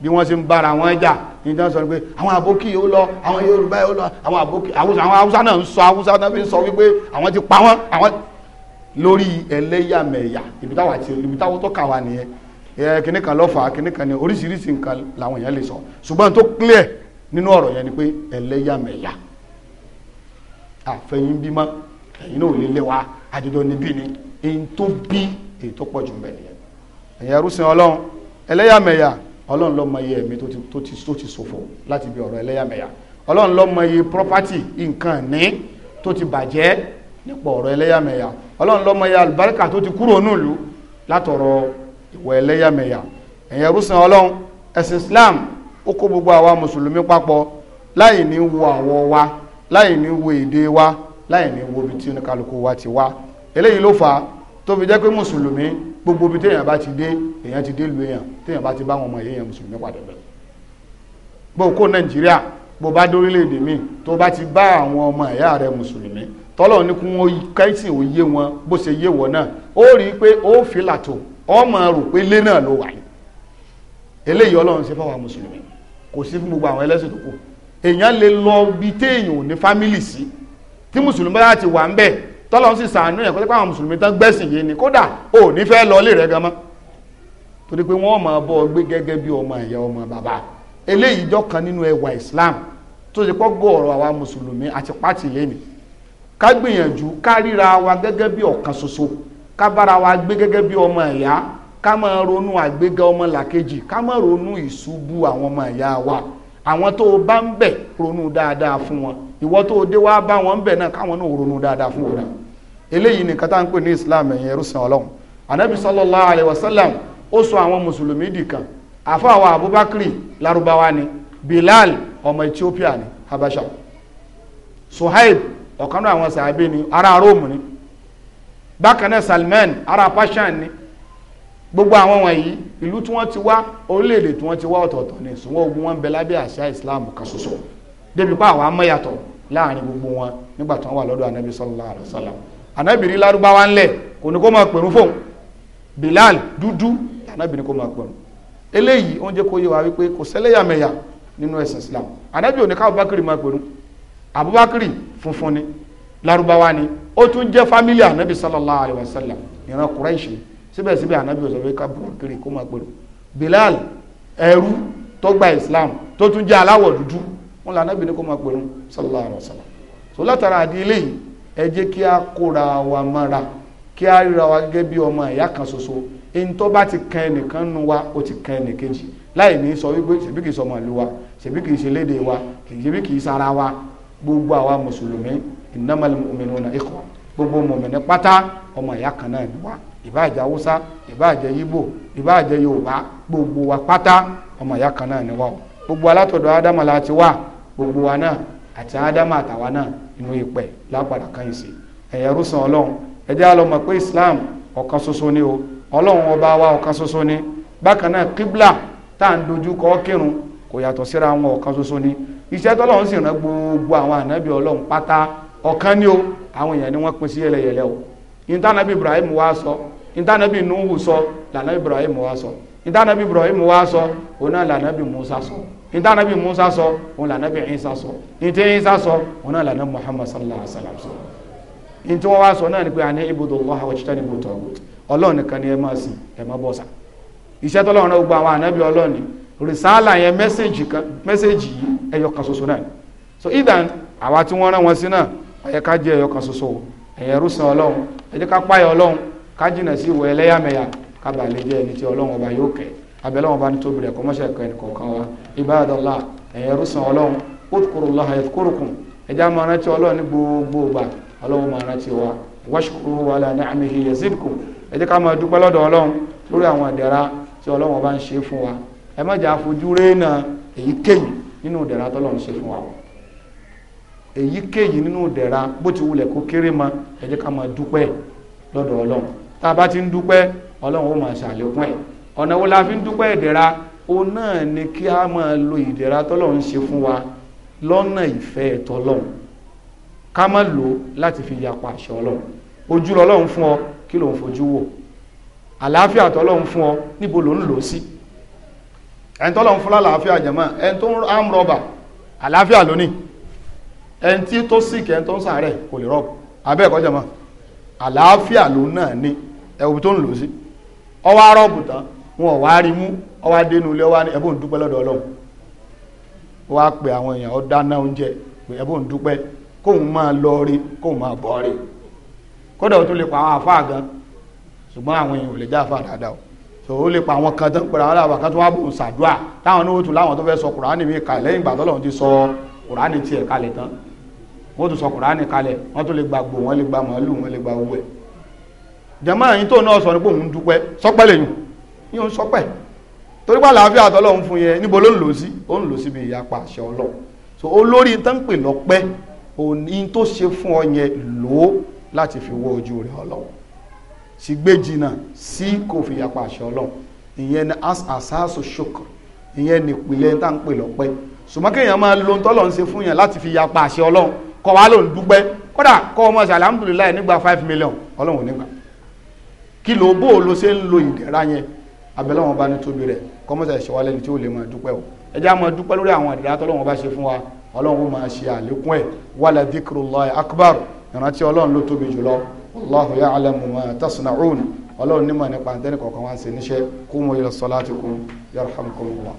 bí wọ́n ṣe ń bára wọn jà níta sọ pé àwọn àbókì yóò lọ àwọn yorùbá yóò lọ àwọn àbókì àwọn haúsá náà ń sọ haúsá náà fi ń sọ wípé àwọn ti pa wọn àwọn lórí ẹlẹ́yàmẹ̀yà ibi táwọn àti ibi táwọn tó kà wá nìyẹn ẹ kíní kan lọ́fà kíní kan ní oríṣiríṣi nǹkan làwọn èèyàn lè sọ ṣùgbọ́n tó clear nínú ọ̀rọ̀ yẹn ni pé ẹlẹ́yàmẹ̀yà àfẹ̀yìn bímọ ẹ̀yìn náà ò lè lé wa àjọjọ níbí ni èyí tó bí èyí tó pọ̀ jù mẹ́rin ẹ̀yà rúṣin ọlọ́run ẹlẹ́yàmẹ̀yà ọlọ́run ló mọ iye ẹ̀mí tó ti ṣòfò láti bí ọ̀rọ̀ ẹlẹ́yàmẹ̀yà ọlọ́run ló mọ iye property nǹkan ní tó ti bàjẹ́ nípa ọ̀rọ̀ ẹlẹ́yàmẹ̀yà ọlọ́run ló mọ iye àlùbáríkà tó ti kúrò nílùú látọ̀rọ̀ ìwọ̀ ẹlẹ́yàmẹ̀yà ẹ̀yẹ rúsan ọlọ́run ẹ̀sìn Islam ó kó gbogbo àwa mùsùlùmí papọ̀ láì ní wo àwọ̀ wa láì ní wo èdè wa láì ní wo ibi tí oníkálukú wa ti wá eléyìí ló fà á tó fi jẹ́ pé mùsùlùmí gbogbo bí téèyàn bá ti dé èèyàn ti dé lu èèyàn téèyàn bá ti bá wọn mọ èèyàn mùsùlùmí padà bẹ̀rẹ̀ bó kó nàìjíríà bó bá dórílẹ̀-èdè míì tó bá ti bá àwọn ọmọ ẹ̀yà rẹ̀ mùsùlùmí tọ́lọ̀ ní kún kẹ́sìn ò yé wọn bó ṣe yé wọn náà ó rí i pé ó fi làtò ọmọ rò pé lé náà ló wà eléyìí ọlọ́run ṣe fáwọn mùsùlùmí kò sí fún gbogbo àwọn ẹlẹ́sìn tó kù èèyàn lè lọ bí téèyàn ò ní fámìlì sí tí mùsùlùmí bá ti wà ń bẹ́ẹ̀ tọ́lọ́ sì sàánú yẹn kó jẹ́ pé àwọn mùsùlùmí tán gbẹ̀sìn yìí ni kódà ò ní fẹ́ lọ lè rẹ̀ gan mọ́ torí pé wọ́n máa bọ́ gbé gẹ́gẹ́ bí ọmọ ìyá ọmọ bàbá eléyìí jọ kan nínú ẹwà Islam tó ṣe pọ́ gbọ́ ọ̀rọ̀ àwa mùsùlùmí àti pátì lẹ́nu ká gbìyànjú ká ríra wa gẹ́gẹ́ bí ọ̀kan ṣoṣo ká bára wa gbé gẹ́gẹ́ bí ọmọ ìyá ká máa ronú àgbéga ọmọ làkejì ká máa ronú ìṣubú àwọn ọmọ ìyá wa àwọn tó o bá ń bẹ̀ ronú dáadáa fún wọn ìwọ tó dé wá bá wọn bẹ̀ náà káwọn náà ronú dáadáa fún wọn eléyìí nìkan tá à ń pè ní islam ẹ̀yìn ẹrúsìn ọlọ́run anabi sallallahu alayhi wa sallam ó sọ àwọn mùsùlùmí dìkan àfọwọ́ abubakar larubawa ni bilal ọmọ ethiopia ni habasha suhaib ọ̀kan náà àwọn sàábé ni ará rome ni bákan náà salman ará persian ni gbogbo àwọn wọ̀nyí ìlú tí wọ́n ti wá orílẹ̀-èdè tí wọ́n ti wá ọ̀tọ̀ọ̀tọ̀ ni ṣùgbọ́n ogun wọn bẹ lábẹ́ àṣà islam kan ṣoṣo débi pa àwọn amẹ́yàtọ̀ láàrin gbogbo wọn nígbà tí wọ́n wà lọ́dọ̀ anabi sallallahu alayhi wa sallam anabi rí lárúbáwá ńlẹ̀ kò ní kó máa pẹ̀rún fóun bilal dúdú anabi ní kó máa pẹ̀rún eléyìí oúnjẹ kó yé wa wípé kò sẹ́lẹ̀yàmẹ̀yà nínú ẹ̀sìn islam anabi ò ní ká abubakar máa pẹ̀rún abubakar funfun ni lárúbáwá ni ó tún jẹ́ fámílì ànábì sallallahu alayhi wa sallam ìran kùrẹ́ṣì síbẹ̀síbẹ̀ ànábì ọ̀sọ̀ fẹ́ ká bùrọ̀ kó máa pẹ̀lú bilal ẹrú tó gba islam tó tún jẹ́ aláwọ̀ dúdú wọn là nábì ní kó máa pèrún sallallahu alaihi wasallam so látara àdí eléyìí ẹ jẹ́ kí a kóra wa mọ́ra kí a ríra wa gẹ́gẹ́ bí ọmọ ìyá kan ṣoṣo ẹni tó bá ti kan ẹnìkan nu wa ó ti kan ẹnìkejì láì ní sọ wípé ṣèbí kìí sọmọ ìlú wa ṣèbí kìí ṣe léde wa ṣèbí kìí sara wa gbogbo àwa mùsùlùmí innamal mu'minuna ikhwa gbogbo mùmìnì pátá ọmọ ìyá kan náà ni wa ìbáàjẹ́ haúsá ìbáàjẹ́ yíbò ìbáàjẹ́ yorùbá gbogbo wa pátá ọmọ ìyá kan náà ni wa gbogbo alátọ̀dọ̀ ádámọ̀ láti wà gbogbo wa náà àti ádámà àtàwa náà inú ìpẹ́ lápàdà kan yìí sí ẹ̀yẹ rúsan ọlọ́run ẹ jẹ́ á pé islam ọ̀kan ṣoṣo ni o ọlọrun ọba wa ọ̀kan ṣoṣo ni bákan náà kíblà tá à ń dojú kọ kírun kò yàtọ̀ síra wọn ọ̀kan ṣoṣo ni iṣẹ́ tọ́lọ́run sì rán gbogbo àwọn ànábì ọlọ́run pátá ọ̀kan ni o àwọn èèyàn ni wọ́n pín sí yẹlẹyẹlẹ o ìtànàbí ibrahim wa sọ ìtànàbí nuhu sọ lànàbí ibrahim wa sọ ìtànàbí ibrahim wa sọ òun náà lànàbí musa sọ. So níta anabi musa sọ òun là anabi isa sọ níta isa sọ òun náà là anabi muhammad sallallahu alaihi wa sallam sọ níta wọn wá sọ náà ni pé àní ibùdó allah wa chitani ibùdó ọlọ́run nìkan ni ẹ máa sìn ẹ máa bọ̀ sà iṣẹ́ tọ́lọ́run náà gbogbo àwọn anabi ọlọ́run ni rìsáàlà yẹn mẹ́sẹ̀jì kan mẹ́sẹ̀jì yìí ẹyọ kan ṣoṣo náà so idan àwa tí wọ́n rán wọn sí náà ẹ̀yẹ ká jẹ́ ẹyọ kan ṣoṣo ẹ̀yẹ rúsan ọlọ́run ẹ jẹ́ ká páyà ọlọ́run ká jìnà sí abẹ́lẹ́ wọn bá ní tóbi rẹ̀ kọ́ mọ́ṣẹ́ ẹ̀kọ́ ẹnì kọ̀ọ̀kan wa ibadallah ẹ̀yẹ rúsan ọlọ́run udkurullaha yadhkurukum ẹ̀já máa rántí ọlọ́run ní gbogbo ìgbà ọlọ́run máa rántí wa washkuru ala ni'amihi yazidkum ẹ jẹ́ ká máa dúpẹ́ lọ́dọ̀ ọlọ́run lórí àwọn ìdẹ̀ra tí ọlọ́run bá ń ṣe fún wa ẹ má jà fojú rénà èyíkéyìí nínú ìdẹ̀ra tọ́lọ́run ṣe fún wa èyíkéyìí nínú ìdẹ̀ra ọ̀nà wo la fi ń dúpẹ́ ìdẹ̀ra o náà ni kí a máa lo ìdẹ̀ra tọ́lọ́run ṣe fún wa lọ́nà ìfẹ́ tọ́lọ́run ká má lò láti fi yapa àṣẹ ọlọ́run ojú lọ́lọ́run fún ọ kí ló ń fojú wò àlàáfíà tọ́lọ́run fún ọ níbo ló ń lò sí ẹni tọ́lọ́run fún lálàáfíà jẹ̀mọ́ ẹni tó ń arm rọ́bà àlàáfíà lónìí ẹni tí tó sìkì ẹni tó ń sàárẹ̀ kò lè rọ́bù abẹ́ jẹ̀mọ́ àlàáfíà ló náà ní ẹ̀wù tó ń lò sí ọwọ́ arọ́bù tán wọn ò wá rí mú ọwá dénú ilé ọwá ní ẹ̀bùn dúpẹ́ lọ́dọ̀ ọlọ́run ó wá pe àwọn èèyàn ó dáná oúnjẹ pé ẹ̀bùn dúpẹ́ kóun máa lọ rí kóun máa bọ̀ rí kódà ó tún lè pa àwọn àfáà gan ṣùgbọ́n àwọn èèyàn ò lè já àfáà dáadáa o so ó lè pa àwọn kan tó ń pera wọn láwọn kan tó wá bùn sàdúà táwọn ní ó tún láwọn tó fẹ́ sọ kùránì mi kà lẹ́yìn ìgbà tọ́lọ́run ti sọ kùránì tiẹ̀ kalẹ̀ tán wọ́n tún sọ kùránì kalẹ̀ wọ́n tún lè gba gbò wọ́n lè gba màálù wọ́n lè gba owó ẹ̀ jẹ́mọ́ àyíntó náà sọ ní pé òun dúpẹ́ sọ́pẹ́ lẹ́yìn ní òun sọpẹ́ torí pé àlàáfíà tọ́lọ́run fún yẹn níbo ló ń lò sí ó ń lò síbi ìyapa àṣẹ ọlọ́run so olórí tó ń pè lọ́pẹ́ òní tó ṣe fún ọ yẹn lò ó láti fi wọ ojú rẹ ọlọ́run sì gbé jìnnà sí kò fi ìyapa àṣẹ ọlọ́run ìyẹn ni àṣàṣù ṣokò ìyẹn ni ìpìlẹ̀ tá ń pè lọ́pẹ́ ṣùgbọ́n kéèyàn máa lo tọ́lọ́run ṣe fún yẹn láti fi ìyapa àṣẹ ọlọ́run kọ́ wa ló ń dúpẹ́ kódà kọ́ ọmọ ṣe alhamdulilayi nígbà five million ọlọ́run nígbà kí ló bó o lo ṣe ń lo ìdẹ̀ra yẹn abẹ́lẹ́ wọn bá ní tóbi rẹ̀ kọ́mọ́sẹ̀ ṣọwálẹ̀ ní tí ó lè máa dúpẹ́ o ẹjẹ́ àmọ́ dúpẹ́ lórí àwọn ìdílé atọ́lọ́wọ́n bá ṣe fún wa ọlọ́run ó máa ṣe àlékún ẹ̀ wàlẹ̀ dhikrullahi akbar ìrántí ọlọ́run ló tóbi jùlọ wallahu ya'lamu ma tasna'un ọlọ́run nímọ̀ nípa àtẹ́nìkọ̀ọ̀kan wá ń ṣe níṣẹ́ kó mo yọ salatikum yarhamkumullah